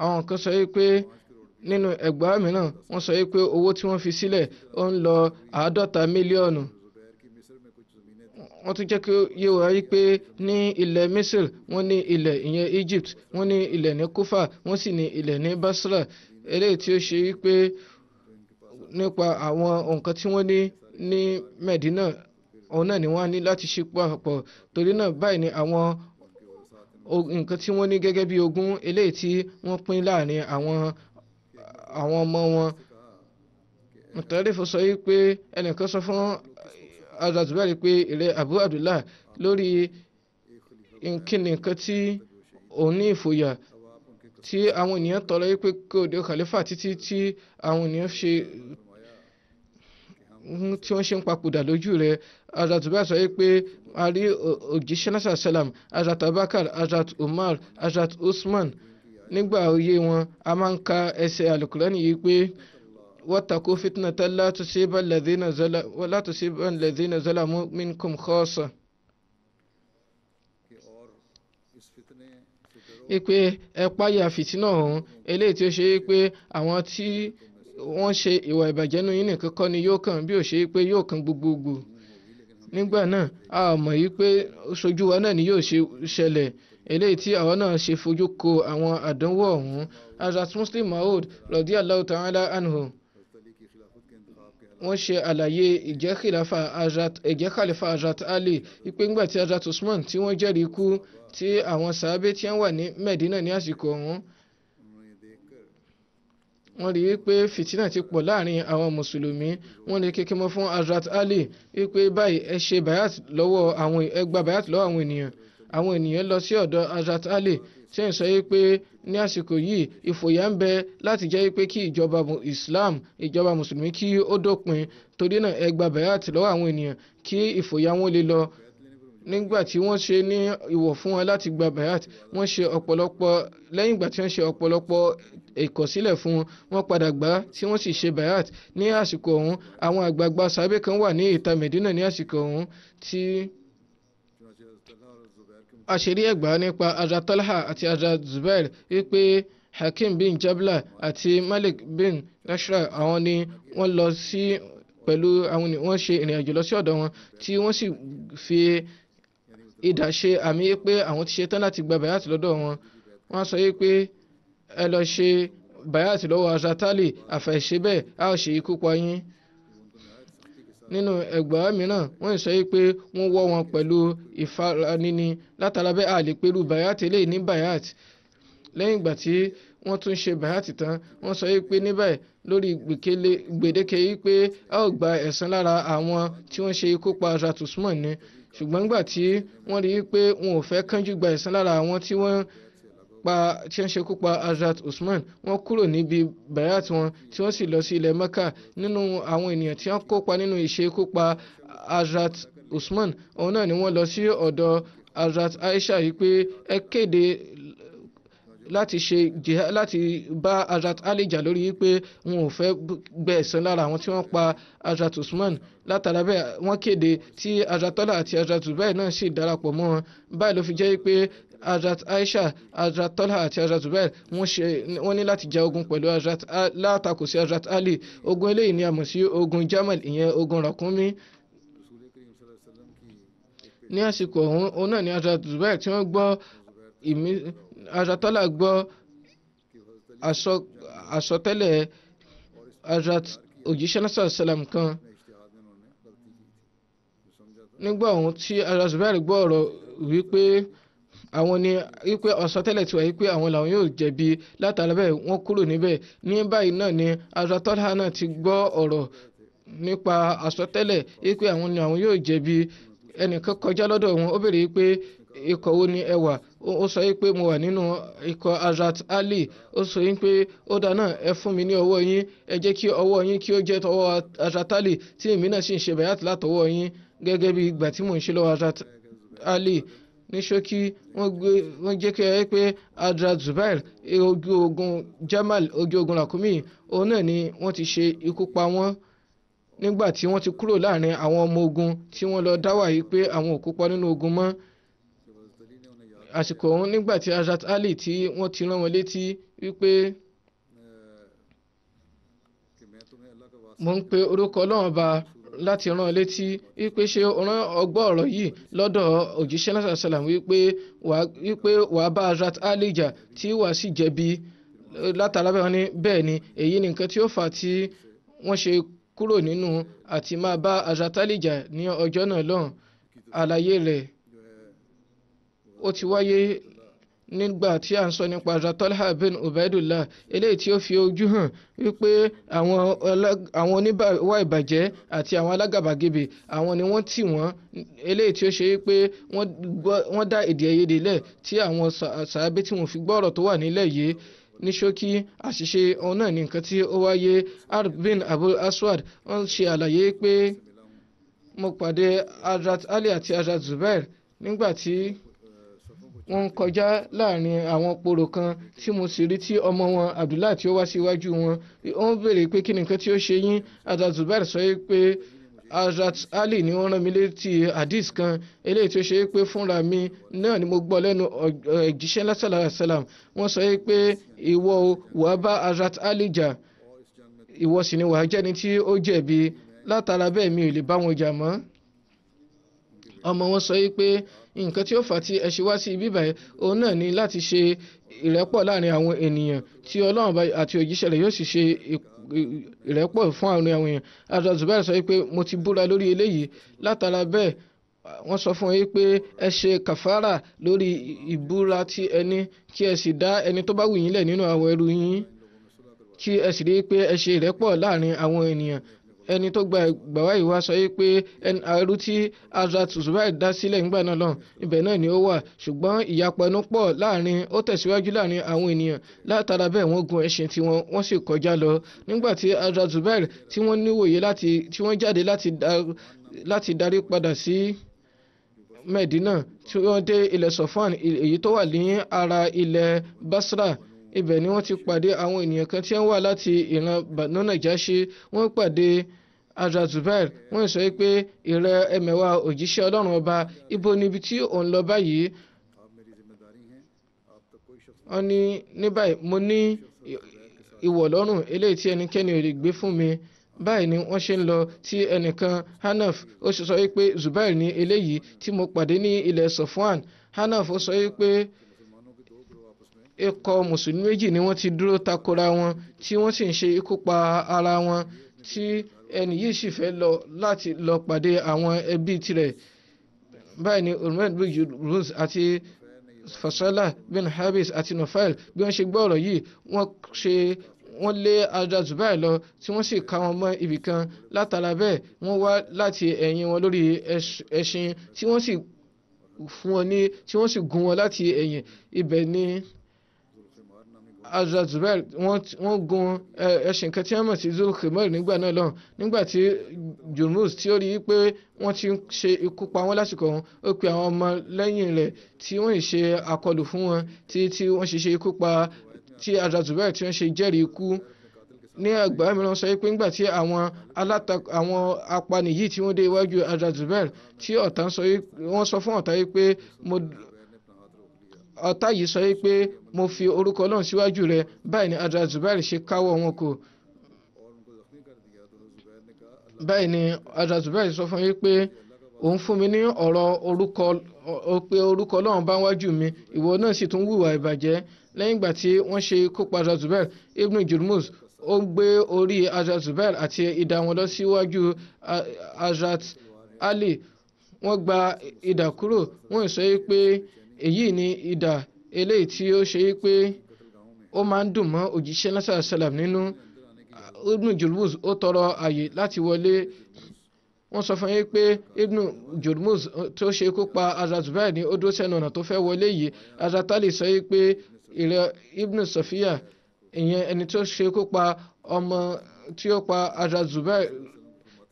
àwọn kan sọ pé nínú ẹgbàá mìíràn wọ́n sọ pé owó tí wọ́n fi sílẹ̀ ó ń lọ àádọ́ta mílíọ̀nù wọ́n tún jẹ́ kí yé wa rí pé ní ilẹ̀ Misir wọ́n ní ilẹ̀ ìyẹn Egypt wọ́n ní ilẹ̀ ní Kufa wọ́n sì ní ilẹ̀ ní Basra eléyìí tí ó ṣe wípé nípa àwọn nǹkan tí wọ́n ní ní Medina òun náà ni wọ́n á ní láti ṣe papọ̀ torí náà báyìí ni àwọn nǹkan tí wọ́n ní gẹ́gẹ́ bí ogún eléyìí tí wọ́n pín láàrin àwọn àwọn ọmọ wọn mùtàrífù sọ wípé ẹnìkan sọ fún azazubari pé ìrẹ abu abdullah lórí nkíni nǹkan tí òun ní ìfòyà tí àwọn ènìyàn tọrọ wípé kí òde khalifa títí tí àwọn ènìyàn ṣe tí wọ́n ṣe ń papòdà lójú rẹ̀ azatuba sọ pé a rí òjíṣẹ́ náà sàlám azat abakar azat umar azat usman nígbà oyè wọn a máa ń ka ẹsẹ̀ alukurani yìí pé wọ́tàkó fitnata látúnṣeba lẹ́dínà zọ́là minkum khọ́ọ̀sà. ipe ẹ̀páyà fìtínà ọ̀hún eléyìí tí ó ṣe é pé àwọn tí wọ́n ṣe ìwà ìbàjẹ́ nínú yín nìkan kọ́ ni yóò kàn bí ó ṣe é pé yóò kàn gbogbogbò nígbà náà a mọ̀ yí pé ṣojú wa náà ni yóò ṣẹlẹ̀ eléyìí tí àwa náà ṣe fojú ko àwọn àdánwò ọ̀hún Hazrat Muslim Maud radiyallahu ta'ala anhu wọ́n ṣe àlàyé ìjẹ́ khalifa Hazrat Ali ipe ńgbà tí Hazrat Usman tí wọ́n jẹ́rìí ikú tí àwọn sàábé tí wọ́n wà ní Medina ní àsìkò ọ̀hún wọ́n rí i pé fìtínà ti pọ̀ láàrin àwọn mùsùlùmí wọ́n lè kékeré mọ́ fún Hazrat Ali wípé báyìí ẹ ṣe bayat lọ́wọ́ àwọn ẹ bayat lọ́wọ́ àwọn ènìyàn àwọn ènìyàn lọ sí ọ̀dọ̀ Azat Ali tí ń sọ pé ní àsìkò yìí ìfòyà ń bẹ láti jẹ́ pé kí ìjọba Islam ìjọba mùsùlùmí kí ó dópin torí náà ẹ gba bayat lọ́wọ́ àwọn ènìyàn kí ìfòyà wọn lè lọ nígbà tí wọ́n ṣe ní ìwọ̀ fún wọn láti gba bayat wọ́n ṣe ọ̀pọ̀lọpọ̀ lẹ́yìn ìgbà tí wọ́n ṣe ọ̀pọ̀lọpọ̀ ìkọ̀sílẹ̀ fún wọn padà gbà tí wọ́n sì ṣe bayat ní àsìkò ọ̀hún àwọn àgbààgbà sàbẹ̀ kan wà ní ìta Medina ní àsìkò ọ̀hún tí. Ti àṣírí ẹ̀gbá nípa Hazrat Talha àti Hazrat Zubair wípé Hakim bin Jabla àti Malik bin Nashra àwọn ni wọ́n lọ sí pẹ̀lú àwọn ni wọ́n ṣe ìrìn àjò lọ sí ọ̀dọ̀ wọn tí wọ́n sì fi idà ṣe àmì pé àwọn ti ṣetán láti gba bayat lọ́dọ̀ wọn wọ́n sọ pé ẹ lọ ṣe bayat lọ́wọ́ Hazrat Ali àfẹ̀ṣe a ò ṣe ikú pa yín nínú ẹgbàá mìíràn wọ́n sọ pé wọ́n wọ́ wọn pẹ̀lú ìfaranini látara bẹ́ẹ̀ àlè pẹ̀lú bayat eléyìí ní bayat lẹ́yìn ìgbà tí wọ́n tún ṣe bayat tán wọ́n sọ pé ní báyìí lórí gbèdéke yìí pé a ó gba ẹ̀san lára àwọn tí wọ́n ṣe ikú pa Rat Usman ni ṣùgbọ́n nígbà tí wọ́n rí i pé wọn ò fẹ́ kánjú gba ẹ̀san lára àwọn tí wọ́n ń pa tí wọ́n ṣekú pa Azat Usman wọ́n kúrò níbi bayat wọn tí wọ́n sì lọ sí ilẹ̀ Mecca nínú àwọn ènìyàn tí wọ́n kópa nínú ìṣekú pa Azat Usman òun náà ni wọ́n lọ sí ọ̀dọ̀ Azat Aisha yìí pé ẹ kéde láti ṣe jihad láti bá Hazrat Ali jà lórí wípé wọn ò fẹ́ gbẹ ẹ̀san lára àwọn tí wọ́n pa Hazrat Usman látara bẹ́ẹ̀ wọ́n kéde tí Hazrat Tola àti Hazrat Zubair náà sì darapọ̀ mọ́ wọn báyìí ló fi jẹ́ wípé Hazrat Aisha Hazrat Talha àti Hazrat Zubair wọ́n ní láti ja ogun pẹ̀lú Hazrat látakò sí Hazrat Ali ogun eléyìí ni a mọ̀ sí ogun Jamal ìyẹn ogun ràkúnmí ní àsìkò ọ̀hún náà ni Hazrat Zubair tí wọ́n gbọ́ ìmí. Ajatola gbọ́ àsọtẹ́lẹ̀ Hazrat ajat náà sàlám kan nígbà ọ̀hún tí Hazrat Zubair gbọ́ ọ̀rọ̀ wípé àwọn ni wípé àsọtẹ́lẹ̀ tiwa wípé àwọn làwọn yóò jẹ̀bi látara bẹ́ẹ̀ wọ́n kúrò níbẹ̀ ní báyìí náà ni Hazrat Talha náà ti gbọ́ ọ̀rọ̀ nípa àsọtẹ́lẹ̀ wípé àwọn ni àwọn yóò jẹ̀bi ẹnìkan kọjá lọ́dọ̀ wọn ó béèrè wípé ikọ̀ wo ni ẹ wà ó sọ pé mo wà nínú ikọ̀ Hazrat Ali ó sọ pé ó dáná ẹ fún mi ní ọwọ́ yín ẹ jẹ́ kí ọwọ́ yín kí ó jẹ́ tọwọ́ Hazrat Ali tí èmi náà sì ń ṣe bayat látọwọ́ yín gẹ́gẹ́ bí ìgbà tí mò ń ṣe lọ́wọ́ Hazrat Ali ní ṣókí wọ́n jẹ́ kí ẹ pé Hazrat Zubair ojú ogun Jamal ojú ogun Rakumi òun náà ni wọ́n ti ṣe ikú pa wọ́n nígbà tí wọ́n ti kúrò láàrin àwọn ọmọ ogun tí wọ́n lọ dáwà yìí pé àwọn ò kópa nínú ogun mọ́ àsìkò ọ̀hún nígbà tí Hazrat Ali tí wọ́n ti rán wọn létí wípé mo ń pe orúkọ ọlọ́run ọba láti rán létí wípé ṣé rán ọgbọ́ ọ̀rọ̀ yìí lọ́dọ̀ òjíṣẹ́ náà sàlám wípé wàá bá Hazrat Ali jà tí wàá sì jẹ̀bi látara bẹ́ẹ̀ ni bẹ́ẹ̀ ni èyí ni nǹkan tí ó fà tí wọ́n ṣe kúrò nínú àti máa bá Hazrat Ali jà ní ọjọ́ náà lọ́hùn àlàyé rẹ̀ ó ti wáyé nígbà tí à ń sọ nípa Ratalha bin Ubaidullah eléyìí tí ó fi ojú hàn wípé àwọn oníbàwà ìbàjẹ́ àti àwọn alágàbàgebè àwọn ni wọ́n tì wọ́n eléyìí tí ó ṣe wípé wọ́n dá èdè ẹ̀yẹ́dẹ̀ lẹ̀ tí àwọn sàábé tí wọ́n fi gbọ́ ọ̀rọ̀ tó wà nílẹ̀ yìí ní ṣókí àṣìṣe ọ̀hún náà ní nǹkan tí ó wáyé Harb bin Abu Aswad ó ń ṣe àlàyé pé mo pàdé Hazrat Ali àti Hazrat Zubair nígbà tí wọ́n ń kọjá láàrin àwọn poro kan tí mo sì rí tí ọmọ wọn abdullahi tí ó wá síwájú wọn ó ń béèrè pé kí ni tí ó ṣe yín Hazrat sọ pé Hazrat Ali ni wọ́n rán mi létí hadith kan eléyìí tó ṣe pé fúnra mi náà ni mo gbọ́ lẹ́nu ẹ̀jíṣẹ́ lásàlá sàlám wọ́n sọ pé ìwọ wàá bá Hazrat Ali jà ìwọ sì ni wàá jẹ́ni tí ó jẹ̀bi látara bẹ́ẹ̀ mi ò lè bá wọn jà mọ́ ọmọ wọn sọ pé nǹkan tí ó fà á tí ẹ ṣe wá sí ibí báyìí òun náà ni láti ṣe ìrẹ́pọ̀ láàrin àwọn ènìyàn tí ọlọ́run àti òjíṣẹ́ rẹ̀ yóò sì ṣe ìrẹ́pọ̀ fún àwọn èèyàn Hazrat Zubair sọ pé mo ti búra lórí eléyìí látara bẹ́ẹ̀ wọ́n sọ fún yín pé ẹ ṣe kàfàrà lórí ìbúra tí ẹni kí ẹ sì dá ẹni tó bá wù yín lẹ̀ nínú àwọn ẹrú yín kí ẹ sì rí pé ẹ ṣe ìrẹ́pọ̀ láàrin àwọn ènìyàn ẹni tó gba ìgbàwá yìí wá sọ pé ẹrú tí Hazrat Zubair dá sílẹ̀ ńgbà náà lọ ibẹ̀ náà ni ó wà ṣùgbọ́n ìyapa ẹnu pọ̀ láàrin ó tẹ̀síwájú láàrin àwọn ènìyàn látara bẹ́ẹ̀ wọ́n gun ẹṣin tiwọn wọ́n sì kọjá lọ nígbà tí Hazrat Zubair tí wọ́n níwòye láti tí wọ́n jáde láti darí padà sí Medina tí wọ́n dé ilẹ̀ Sofan èyí tó wà ní ara ilẹ̀ Basra ibẹ̀ ni wọ́n ti pàdé àwọn ènìyàn kan tí wọ́n wà láti ìran Banu Najashi wọ́n pàdé Hazrat Zubair wọ́n sọ pé ìrẹ ẹ̀mẹ̀wá òjíṣẹ́ ọlọ́run ọba ibo níbi tí òun lọ báyìí wọ́n ní ní báyìí mo ní ìwọ̀ lọ́rùn eléyìí tí ẹnikẹ́ni ò lè gbé fún mi báyìí ni wọ́n ṣe ń lọ tí ẹnìkan Hanaf ó sọ wípé Zubair ní eléyìí tí mo pàdé ní ilẹ̀ Safwan Hanaf ó sọ wípé ikọ̀ mùsùlùmí méjì ni wọ́n ti dúró takora wọn tí wọ́n sì ń ṣe ikú pa ara wọn tí ẹni yìí sì fẹ́ lọ láti lọ pàdé àwọn ẹbí tirẹ̀ báyìí ni Ahmed bin Yunus àti Fasala bin Habis àti Nufail bí wọ́n ṣe gbọ́ ọ̀rọ̀ yìí wọ́n ṣe wọ́n lé ada Zubair lọ tí wọ́n sì ká wọn mọ́ ibì kan látara bẹ́ẹ̀ wọ́n wá láti ẹ̀yìn wọn lórí ẹṣin tí wọ́n sì fún wọn ní tí wọ́n sì gún wọn láti ẹ̀yìn ibẹ̀ ni azazbel wọ́n gun ẹṣin kan tí wọ́n mọ̀ sí zulkhimar nígbà náà lọ́hùn nígbà tí jurmus tí ó rí i pé wọ́n ti ṣe ikú pa wọ́n lásìkò ọ̀hún ó pe àwọn ọmọ lẹ́yìn rẹ̀ tí wọ́n ṣe àkọlù fún wọn tí tí wọ́n ṣe ṣe ikú pa tí azazbel tí wọ́n ṣe jẹ́rìí ikú ní ẹgbàá mìíràn sọ pé nígbà tí àwọn alátakò àwọn apani yìí tí wọ́n dé iwájú azazbel tí ọ̀tá wọ́n sọ fún ọ̀tá yìí pé ọ̀tá yìí sọ pé mo fi orúkọ ọlọ́run síwájú rẹ báyìí ni Hazrat Zubair ṣe káwọ́ wọn kò báyìí ni Hazrat Zubair sọ fún yín pé òun fún mi ní ọ̀rọ̀ orúkọ pé orúkọ ọlọ́run bá wájú mi ìwọ náà sì tún wùwà ìbàjẹ́ lẹ́yìn ìgbà tí wọ́n ṣe ikú pa Hazrat Zubair Ibn Jurmuz ó gbé orí Hazrat Zubair àti idà wọn lọ síwájú Hazrat Ali wọ́n gba idà kúrò wọ́n sọ pé èyí ni idà eléyìí tí ó ṣe é pé ó máa ń dùn mọ́ òjíṣẹ́ nasara salam nínú ibnu julmus ó tọrọ àyè láti wọlé wọ́n sọ fún yín pé ibnu julmus tó ṣe kó pa azazubai ní ó dúró sẹ́nu ọ̀nà tó fẹ́ wọlé yìí azatali sọ yín pé ìrẹ́ ibnu sofia ìyẹn ẹni tó ṣe kó pa ọmọ tí ó pa azazubai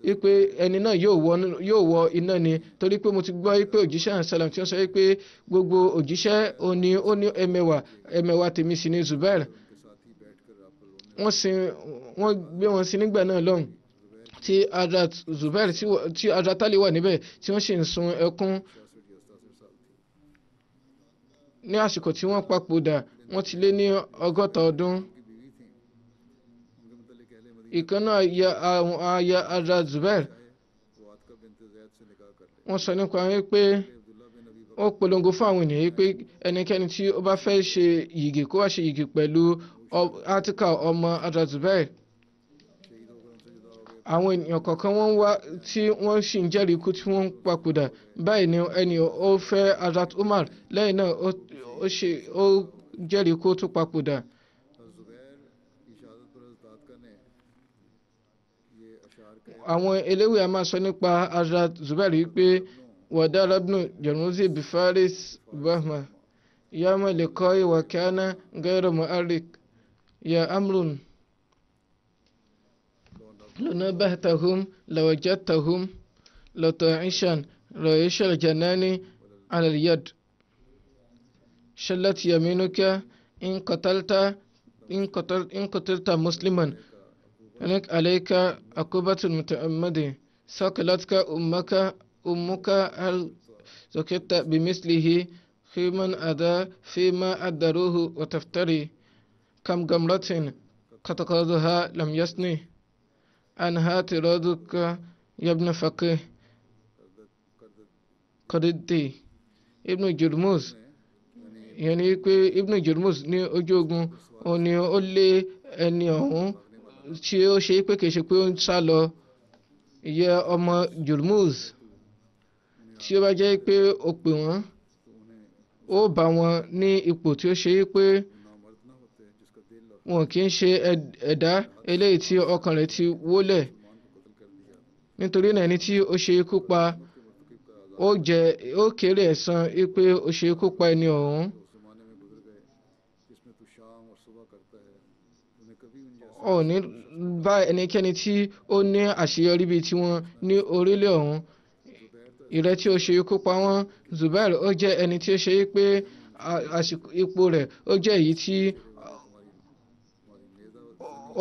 wípé ẹni náà yóò wọ iná ni torí pé mo ti gbọ́ wípé òjíṣẹ́ ansalam tí wọ́n sọ wípé gbogbo òjíṣẹ́ òní ó ní ẹmẹ̀wà ẹmẹ̀wà tèmi sì ni Zubair wọ́n sin wọ́n gbé wọn sí nígbà náà lọ́hùn tí Hazrat Zubair tí Hazrat Ali wà níbẹ̀ tí wọ́n sì ń sun ẹkún ní àsìkò tí wọ́n papòdà wọ́n ti lé ní ọgọ́ta ọdún ìkànnà ya ara Zubair wọ́n sọ nípa wípé ó polongo fún àwọn ènìyàn wípé ẹnikẹ́ni tí ó bá fẹ́ ṣe yìgì kó wá ṣe yìgì pẹ̀lú Atika ọmọ ara Zubair àwọn ènìyàn kọ̀ọ̀kan wọ́n wá tí wọ́n sì ń jẹ́rìí ikú tí wọ́n ń papòdà báyìí ni ẹni ó fẹ́ Hazrat Umar lẹ́yìn náà ó jẹ́rìí ikú tó papòdà. àwọn eléwé a máa sọ nípa azad zubair yìí pé wàdà rabnu jerusalem bifaris bahma yàmà lè kọ́ ìwà kíánà gẹ́rọ mu'arik ya amrun lọ́nà bàtàhùn lọ́wọ́jàtàhùn lọ́tọ̀ ishan rọ̀ẹ́ṣẹ̀lẹ̀ jannani alaryad shalat yaminuka in kọtalta in kọtalta musliman. هناك عليك عقوبة المتعمد سقلتك أمك أمك هل زكيت بمثله خيما أدا فيما أدروه وتفتري كم جمرة كتقاضها لم يسني أنها ترادك يا ابن فقيه قردي ابن جرموز يعني ابن جرموز ني ojú أو ني أولي أن ẹni tí ó ṣe pé kìí ṣe pé ó ń sá lọ ìyẹ ọmọ Jurmuz tí ó bá jẹ́ pé ó pè wọ́n ó bá wọn ní ipò tí ó ṣe pé wọn kì í ṣe ẹ̀dá eléyìí tí ọkàn rẹ̀ ti wólẹ̀ nítorí náà ẹni tí ó ṣe ikú pa ó jẹ ó kéré ẹ̀san pé ó ṣe ikú pa ẹni ọ̀hún. ò ní bá ẹnikẹ́ni tí ó ní àṣeyọrí bíi tiwọn ní orílẹ̀ ọ̀hún ìrẹ́ tí ó ṣe ikú pa wọ́n Zubair ó jẹ́ ẹni tí ó ṣe é pé ipò rẹ̀ ó jẹ́ èyí tí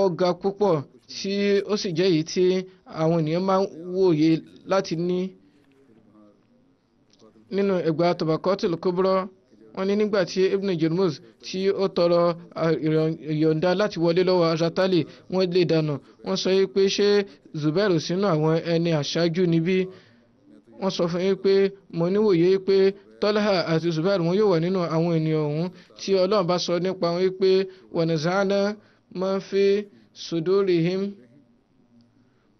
ó ga púpọ̀ tí ó sì jẹ́ èyí tí àwọn ènìyàn máa ń wòye láti ní nínú ẹgbàá tọ̀bàkọ́tìlù kúbúrọ́ wọ́n ní nígbà tí ibn jurmuz tí ó tọrọ ìyọ̀ǹda láti wọlé lọ́wọ́ Ratali wọ́n lè dànù wọ́n sọ pé ṣé Zubair sínú àwọn ẹni àṣáájú níbí wọ́n sọ fún yín pé mo níwòye pé Tọ́lá àti Zubair wọn yóò wà nínú àwọn ènìyàn ọ̀hún tí Ọlọ́run bá sọ nípa wọn pé wọ̀nìzánà máa fi sùdúrìhìm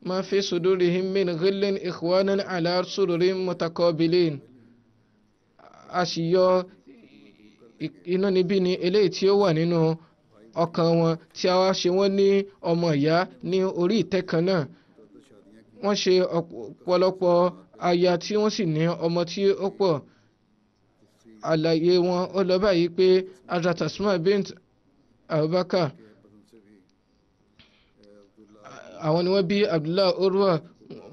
máa fi sùdúrìhìm min ghillin ikhwanan ala sururin mutakabilin a sì yọ iná níbí ni eléyìí tí ó wà nínú ọkàn wọn tí a wá ṣe wọ́n ní ọmọ ìyá ní orí ìtẹ́ kan náà wọ́n ṣe ọ̀pọ̀lọpọ̀ aya tí wọ́n sì ní ọmọ tí ó pọ̀ àlàyé wọn ó lọ báyìí pé Hazrat Asma bint Abubakar àwọn ni wọ́n bí Abdullah Urwa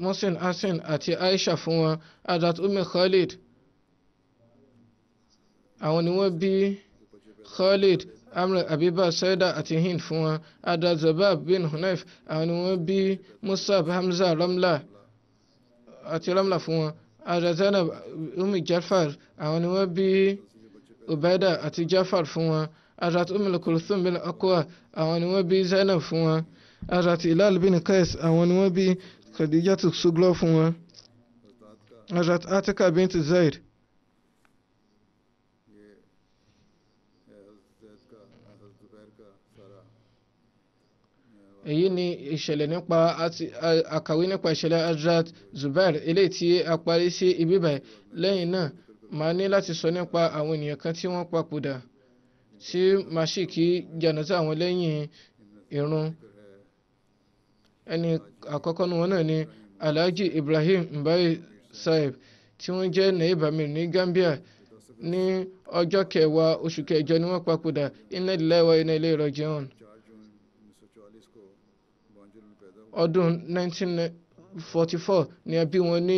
Mohsin Hasan àti Aisha fún wọn Hazrat Ummi Khalid àwọn ni wọ́n bí khalid amr abiba saida àti hind fún wọn adazabab bin hunayf àwọn ni wọ́n bí musab hamza ramla àti ramla fún wọn adazana umi jafar àwọn ni wọ́n bí ubaida àti jafar fún wọn adat umi kulthum bin akwa àwọn ni wọ́n bí zainab fún wọn adat ilal bin qais àwọn ni wọ́n bí khadijatu suglo fún wọn adat atika bint zaid èyí ni ìṣẹ̀lẹ̀ nípa àkàwé nípa ìṣẹ̀lẹ̀ Hazrat Zubair eléyìí tí a parí sí ibíbẹ̀ lẹ́yìn náà màá ní láti sọ nípa àwọn ènìyàn kan tí wọ́n papòdà tí màá sì kí jàǹdà àwọn lẹ́yìn irun ẹni àkọ́kọ́ nu wọn náà ni Alhaji Ibrahim Mbaye Saib tí wọ́n jẹ́ naib ní Gambia ní ọjọ́ kẹwàá oṣù kẹjọ ni wọ́n papòdà inna lillahi wa inna ilayhi raji'un. ọdún 1944 ni a bí wọn ní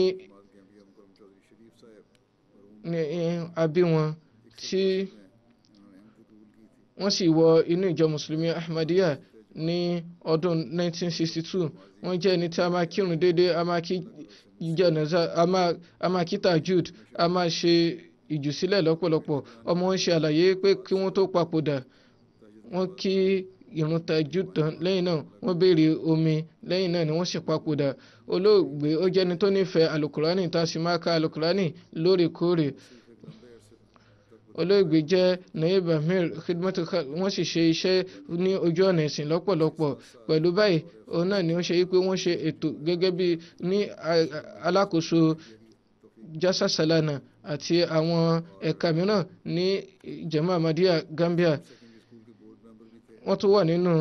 eh, a bí wọn tí wọ́n sì wọ inú ìjọ mùsùlùmí ahmadiyya ní ọdún 1962 wọ́n jẹ́ ẹni tí a máa kírun dédé a máa kí jẹ̀nẹ́sà a máa kí tajud a máa ṣe ìjùsílẹ̀ lọ́pọ̀lọpọ̀ ọmọ wọn ṣe àlàyé pé kí wọ́n tó papòdà wọ́n kí ìrun tajú tán lẹ́yìn náà wọ́n béèrè omi lẹ́yìn náà ni wọ́n sì papòdà olóògbé ó jẹ́ni tó nífẹ̀ẹ́ alukurani tá a sì máa ka alukurani lóòrèkóòrè olóògbé jẹ́ naib amir khidmatu wọ́n sì ṣe iṣẹ́ ní ojú ọ̀nà ìsìn lọ́pọ̀lọpọ̀ pẹ̀lú báyìí òun náà ni ó ṣe wípé wọ́n ṣe ètò gẹ́gẹ́ bí ní alákòóso jasa salana àti àwọn ẹ̀ka mìíràn ní jama ahmadiyya Gambia wọ́n tún wà nínú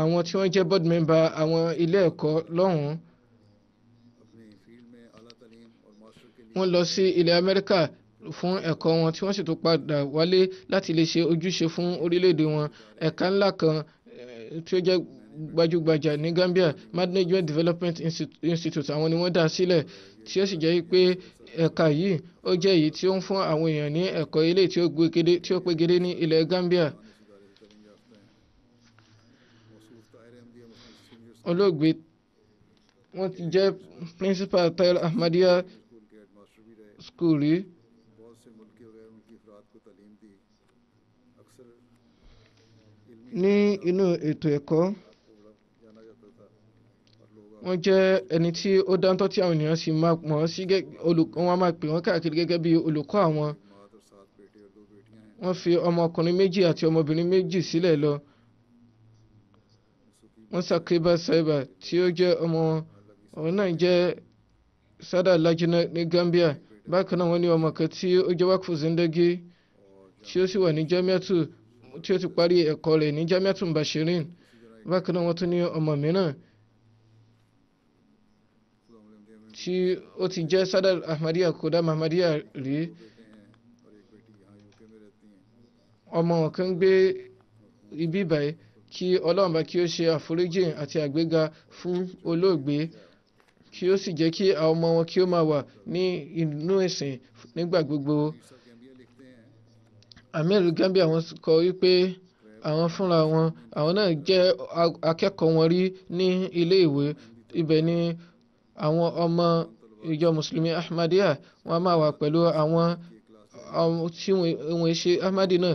àwọn tí wọ́n jẹ́ board member àwọn ilé ẹ̀kọ́ lọ́hùn-ún wọ́n lọ sí ilẹ̀ Amẹ́ríkà fún ẹ̀kọ́ wọn tí wọ́n sì tún padà wálé láti lè ṣe ojúṣe fún orílẹ̀-èdè wọn ẹ̀ka ńlá kan eh, tí ó jẹ́ gbajúgbajà ní Gambia Management Development Institute àwọn ni wọ́n dá sílẹ̀ tí ó sì jẹ́ pé ẹ̀ka yìí ó jẹ́ èyí tí ó ń fún àwọn èèyàn ní ẹ̀kọ́ ilé tí ó pegedé ní ilẹ̀ Gambia. olóògbé wọ́n ti jẹ́ principal tayo ahmadiyya school rí. ní inú ètò ẹ̀kọ́ wọ́n jẹ́ ẹni tí ó dáńtọ́ tí àwọn ènìyàn sì máa mọ̀ ọ́ sí olùkọ́ wọn máa pè wọ́n káàkiri gẹ́gẹ́ bí olùkọ́ àwọn wọ́n fi ọmọkùnrin méjì àti ọmọbìnrin méjì sílẹ̀ lọ musakiba saiba tí ó jẹ́ ọmọ wọn òun náà jẹ́ sada lajina ní Gambia bákan náà wọ́n ní ọmọ kan tí ó jẹ́ wákùú zindagi tí ó sì wà ní jamiatu tí ó ti parí ẹ̀kọ́ rẹ̀ ní jamiatu bashirin bákan náà wọ́n tún ní ọmọ mìíràn tí ó ti jẹ́ sadar ahmadiyya kódà mahamadiyya rí ọmọ kan gbé ibí báyìí kí ọlọ́run bá kí ó ṣe àforíjìn àti àgbéga fún olóògbé kí ó sì jẹ́ kí àwọn ọmọ wọn kí ó máa wà ní inú ẹ̀sìn nígbà gbogbo. amir gambia wọn kọ wípé àwọn fúnra wọn àwọn náà jẹ́ akẹ́kọ̀ọ́ wọn rí ní ilé ìwé ibẹ̀ ni àwọn ọmọ ìjọ mùsùlùmí ahmadiyya wọn máa wà pẹ̀lú àwọn àwọn tí wọ́n ṣe Ahmadi náà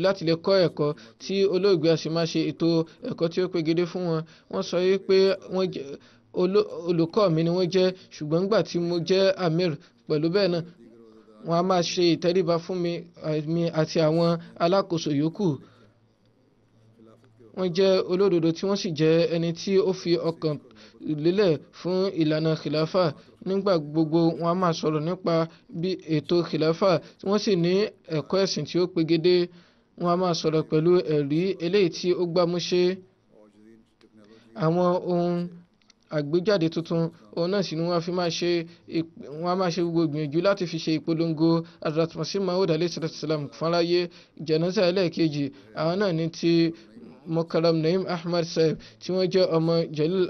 láti lè kọ́ ẹ̀kọ́ tí olóògbé àṣemáṣe ètò ẹ̀kọ́ tí ó pegedé fún wọn wọ́n sọ pé wọ́n jẹ́ olùkọ́ mi ni wọ́n jẹ́ ṣùgbọ́n nígbà tí mo jẹ́ amir pẹ̀lú bẹ́ẹ̀ náà wọ́n á máa ṣe ìtẹríba fún mi àti àwọn alákòóso yòókù wọ́n jẹ́ olódodo tí wọ́n sì jẹ́ ẹni tí ó fi ọkàn lélẹ̀ fún ìlànà khilafa nígbà gbogbo wọn a máa sọ̀rọ̀ nípa bí ètò khilafa tí wọ́n sì ní ẹ̀kọ́ ẹ̀sìn tí ó pegedé wọn a máa sọ̀rọ̀ pẹ̀lú ẹ̀rí eléyìí tí ó gbámúṣé àwọn ohun àgbéjáde tuntun òun náà sì ni wọ́n fi máa ṣe wọ́n máa ṣe gbogbo ìgbìyànjú láti fi ṣe ìpolongo adratmasi mahood alayhi salam fúnráyé jẹnẹsà àwọn náà ní ti mokaram naim ahmad saib tí wọ́n jẹ́ ọmọ jalil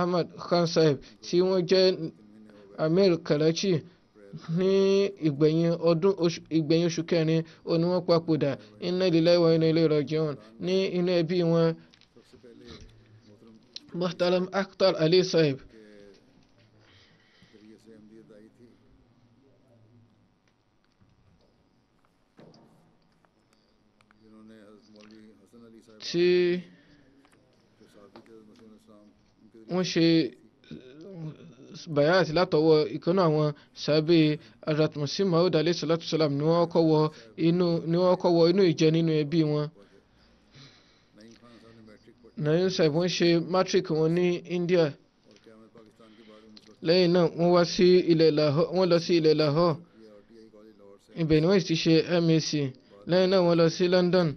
ahmad khan saheb tí wọ́n jẹ́ amir karachi ní ìgbẹ̀yìn ọdún ìgbẹ̀yìn oṣù kẹrin ó ní wọ́n papòdà inna lillahi wa inna ilayhi raji'un ní inú ẹbí wọn muhtaram akhtar ali saheb tí wọ́n ṣe eh, bayat látọwọ́ ìkànnì àwọn sàbẹ aratmusi maud alayhi salatu salam ni wọ́n kọ́ wọ inú ìjẹ nínú ẹbí wọn nayin oh saib wọ́n ṣe matric wọn ní India lẹ́yìn náà wọ́n wá sí ilẹ̀ Lahore wọ́n lọ sí ilẹ̀ Lahore ibẹ̀ ni wọ́n ti ṣe MAC lẹ́yìn náà wọ́n lọ sí London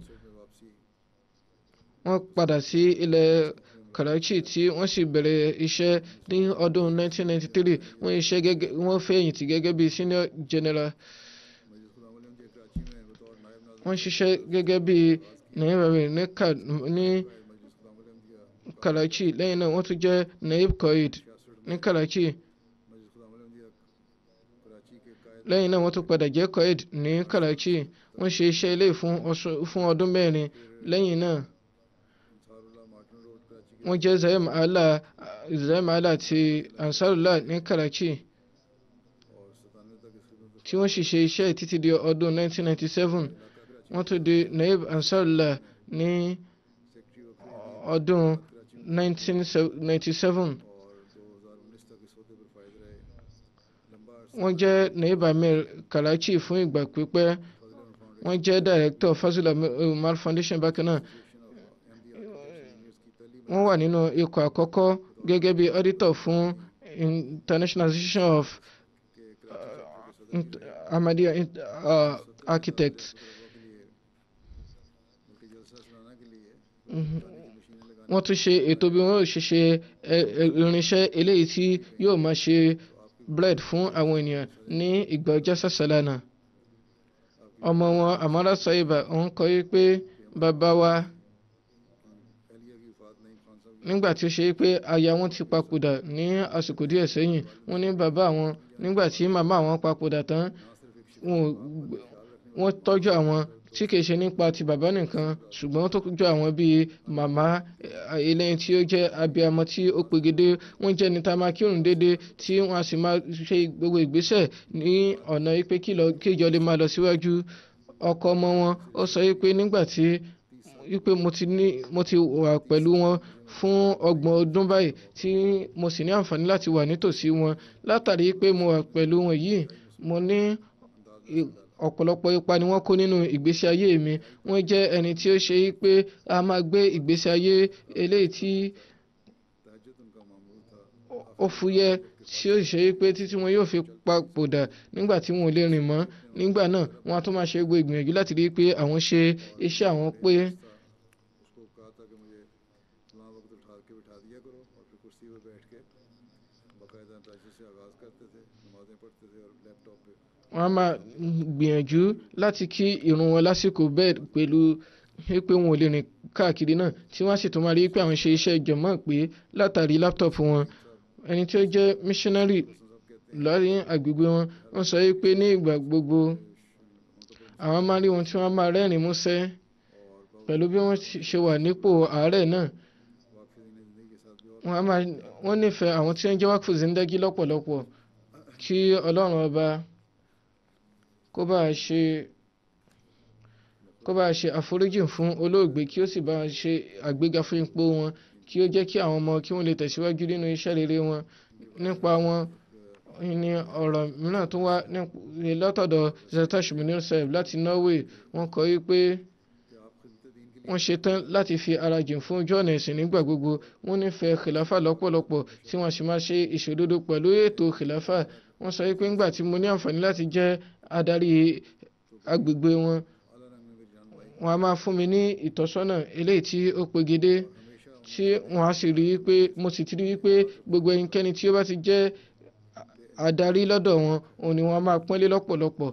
wọ́n padà sí ilẹ̀ Lahore. Karachi tí wọ́n sì bẹ̀rẹ̀ iṣẹ́ ní ọdún 1993 wọ́n iṣẹ́ gẹ́gẹ́ wọ́n fẹ̀yìntì gẹ́gẹ́ bí senior general wọ́n ṣiṣẹ́ gẹ́gẹ́ bí nàìjíríà ní Karachi lẹ́yìn náà wọ́n tún jẹ́ naib koid ní Karachi lẹ́yìn náà wọ́n tún padà jẹ́ koid ní Karachi wọ́n ṣe iṣẹ́ ilé fún ọdún mẹ́rin lẹ́yìn náà wọ́n jẹ́ Zayim Allah àti Ansarullah ní Karachi tí wọ́n sì ṣe iṣẹ́ títí di ọdún 1997 wọ́n tún di Naib Ansarullah ní ọdún 1997 wọ́n jẹ́ Naib Amir Karachi fún ìgbà pípẹ́ wọ́n jẹ́ Director Fazil Umar Foundation bákan náà wọ́n wà nínú ikọ̀ àkọ́kọ́ gẹ́gẹ́ bí auditor fún International of uh, Ahmadiyya uh, Architects. Mm-hmm. wọ́n tún ṣe ètò bí wọ́n ṣe ṣe irinṣẹ́ eléyìí tí yóò máa ṣe bread fún àwọn ènìyàn ní ìgbà jésà sálánà ọmọ wọn Amara Saiba ń kọ́ yí pé bàbá wa nígbà tí ó ṣe pé aya wọn ti papòdà ní àsìkò díẹ̀ sẹ́yìn wọ́n ní bàbá wọn nígbà tí màmá àwọn papòdà tán wọ́n tọ́jú àwọn tí kìí ṣe nípa ti bàbá nìkan ṣùgbọ́n tó jọ àwọn bíi màmá eléyìí tí ó jẹ́ abiyamọ tí ó pegedé wọ́n jẹ́ níta máa kírun déédéé tí wọ́n á sì máa ṣe gbogbo ìgbésẹ̀ ní ọ̀nà pé kíjọ lè máa lọ síwájú ọkọ ọmọ wọn ó sọ pé nígbà tí wípé mo ti ní mo ti wà pẹ̀lú wọn fún ọgbọ̀n ọdún báyìí tí mo sì ní àǹfààní láti wà nítòsí wọn látàrí pé mo wà pẹ̀lú wọn yìí mo ní ọ̀pọ̀lọpọ̀ ipa ni wọ́n kó nínú ìgbésí ayé mi wọ́n jẹ́ ẹni tí ó ṣe pé a máa gbé ìgbésí ayé eléyìí tí ó fúyẹ́ tí ó ṣe pé títí wọn yóò fi papòdà nígbà tí wọn ò lè rìn mọ́ nígbà náà wọn á tún máa ṣe gbogbo ìgbìyànjú láti rí i pé àwọn ṣe iṣẹ́ àwọn pé. हाँ वक्त उठा के बिठा दिया करो और फिर कुर्सी पर बैठ के बाकायदा अंदाजे से आगाज़ करते थे नमाजें पढ़ते थे और लैपटॉप पे wọ́n á máa gbìyànjú láti kí irun wọn lásìkò bẹ́ẹ̀ pẹ̀lú pé wọn ò lè rìn káàkiri náà tí wọ́n á sì tún máa rí pé àwọn ṣe iṣẹ́ ìjọmọ́ pé látàrí láptọ̀pù wọn ẹni tí ó jẹ́ missionary láàrin agbègbè wọn wọ́n sọ pé ní ìgbà gbogbo àwọn máa rí wọn tí wọ́n máa rẹ́rìn músẹ́ pẹ̀lú bí wọ́n ṣe wà nípò àárẹ̀ náà wọ́n nífẹ̀ẹ́ àwọn tí wọ́n jẹ́ wákùú zindagi lọ́pọ̀lọpọ̀ kí ọlọ́run ọba kó bá a ṣe kó bá a ṣe àforíjì fún olóògbé kí ó sì bá a ṣe àgbéga fún ipò wọn kí ó jẹ́ kí àwọn ọmọ kí wọ́n lè tẹ̀síwájú nínú iṣẹ́ rere wọn nípa wọn ní ọ̀rọ̀ mìíràn tó wá látọ̀dọ̀ zetosh munir saib láti Norway wọ́n kọ wípé wọ́n ṣetán láti fi ara jìn fún ojú ọ̀nà ẹ̀sìn nígbà gbogbo wọ́n nífẹ̀ẹ́ khilafa lọ́pọ̀lọpọ̀ tí wọ́n sì máa ṣe ìṣòdodo pẹ̀lú ètò khilafa wọ́n sọ pé ńgbà tí mo ní àǹfààní láti jẹ́ adarí agbègbè wọn wọ́n a máa fún mi ní ìtọ́sọ́nà eléyìí tí ó pegedé tí wọ́n á sì rí i pé mo sì ti rí i pé gbogbo ẹnikẹ́ni tí ó bá ti jẹ́ adarí lọ́dọ̀ wọn òun ni wọ́n máa pọ́nlé lọ́pọ̀lọpọ̀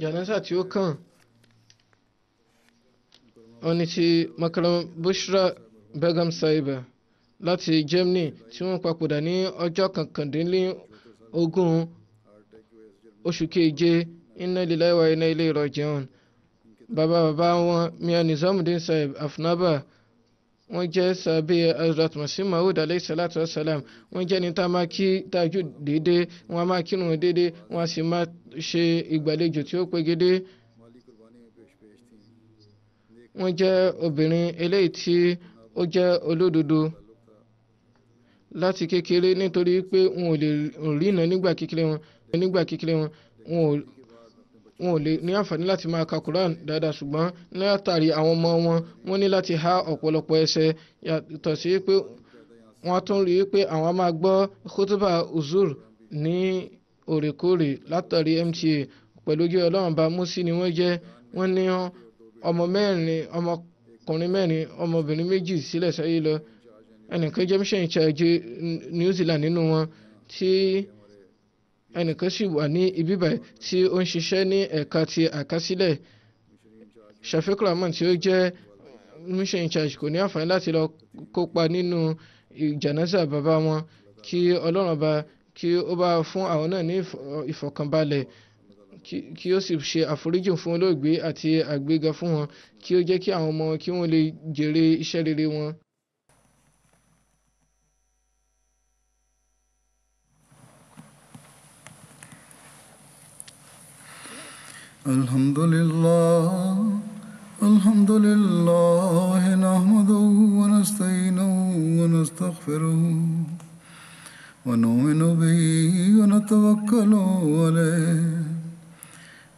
jànásà tí ó kàn ọni ti makaram bushra begum saiba láti germany tí wọ́n papòdà ní ọjọ́ kankandínlógún oṣù keje inna lillahi wa inna ilayhi raji'un bàbá bàbá wọn mia nizamuddin saib afnaba wọ́n jẹ́ sàbí azrat masih maud alayhi salatu wasalam wọ́n jẹ́ ní tá a máa kí tájú déédéé wọ́n a máa kírun déédéé wọ́n a sì máa ṣe ìgbàlejò tí ó pegedé wọ́n jẹ́ obìnrin eléyìí tí ó jẹ́ olódodo láti kékeré nítorí pé wọn ò lè rìnà nígbà kékeré wọn nígbà kékeré wọn wọn ò wọn ò lè ní àǹfààní láti máa ka Quran dáadáa ṣùgbọ́n látàrí àwọn ọmọ wọn wọ́n ní láti há ọ̀pọ̀lọpọ̀ ẹsẹ̀ yàtọ̀ sí pé wọ́n tún rí i pé àwọn máa gbọ́ khutuba uzur ní òrèkóòrè látàrí MTA pẹ̀lú gí ọlọ́run bá Músí ni wọ́n jẹ́ wọ́n ní ọmọ mẹ́rin ọmọkùnrin mẹ́rin ọmọbìnrin méjì sílẹ̀ sáyé lọ ẹnìkan jẹ́ mission charge New Zealand nínú wọn tí. Si ẹnìkan sì wà ní ibíbẹ̀ tí ó ń ṣiṣẹ́ ní ẹ̀ka ti àkásílẹ̀ Shafiq Rahman tí ó jẹ́ mission in charge kò ní àǹfààní láti lọ kópa nínú ìjànáza bàbá wọn kí ọlọ́run ọba kí ó bá fún àwọn náà ní ìfọ̀kànbalẹ̀ kí ó sì ṣe àforíjì fún olóògbé àti àgbéga fún wọn kí ó jẹ́ kí àwọn ọmọ kí wọ́n lè jèrè iṣẹ́ rere wọn. الحمد لله الحمد لله نحمده ونستعينه ونستغفره ونؤمن به ونتوكل عليه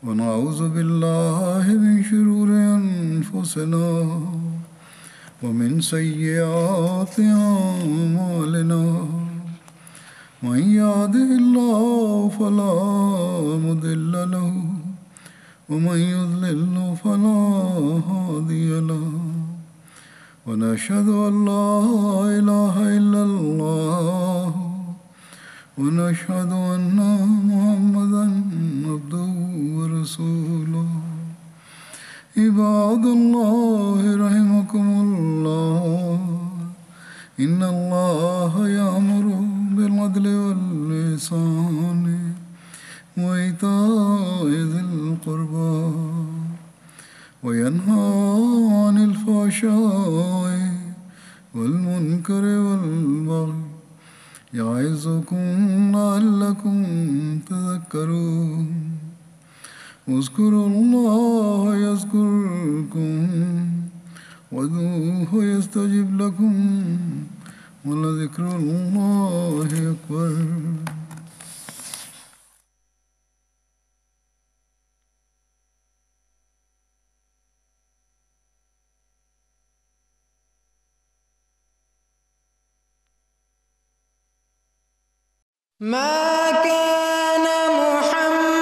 ونعوذ بالله من شرور انفسنا ومن سيئات اعمالنا من يهده الله فلا مضل له ومن يضلل فلا هادي له ونشهد أن لا إله إلا الله ونشهد أن محمدا عبده ورسوله عباد الله رحمكم الله إن الله يأمر بالعدل واللسان وإيتاء ذي القربى وينهى عن الفحشاء والمنكر والبغي يعظكم لعلكم تذكرون واذكروا الله يذكركم وادعوه يستجب لكم ولذكر الله أكبر ما كان محمد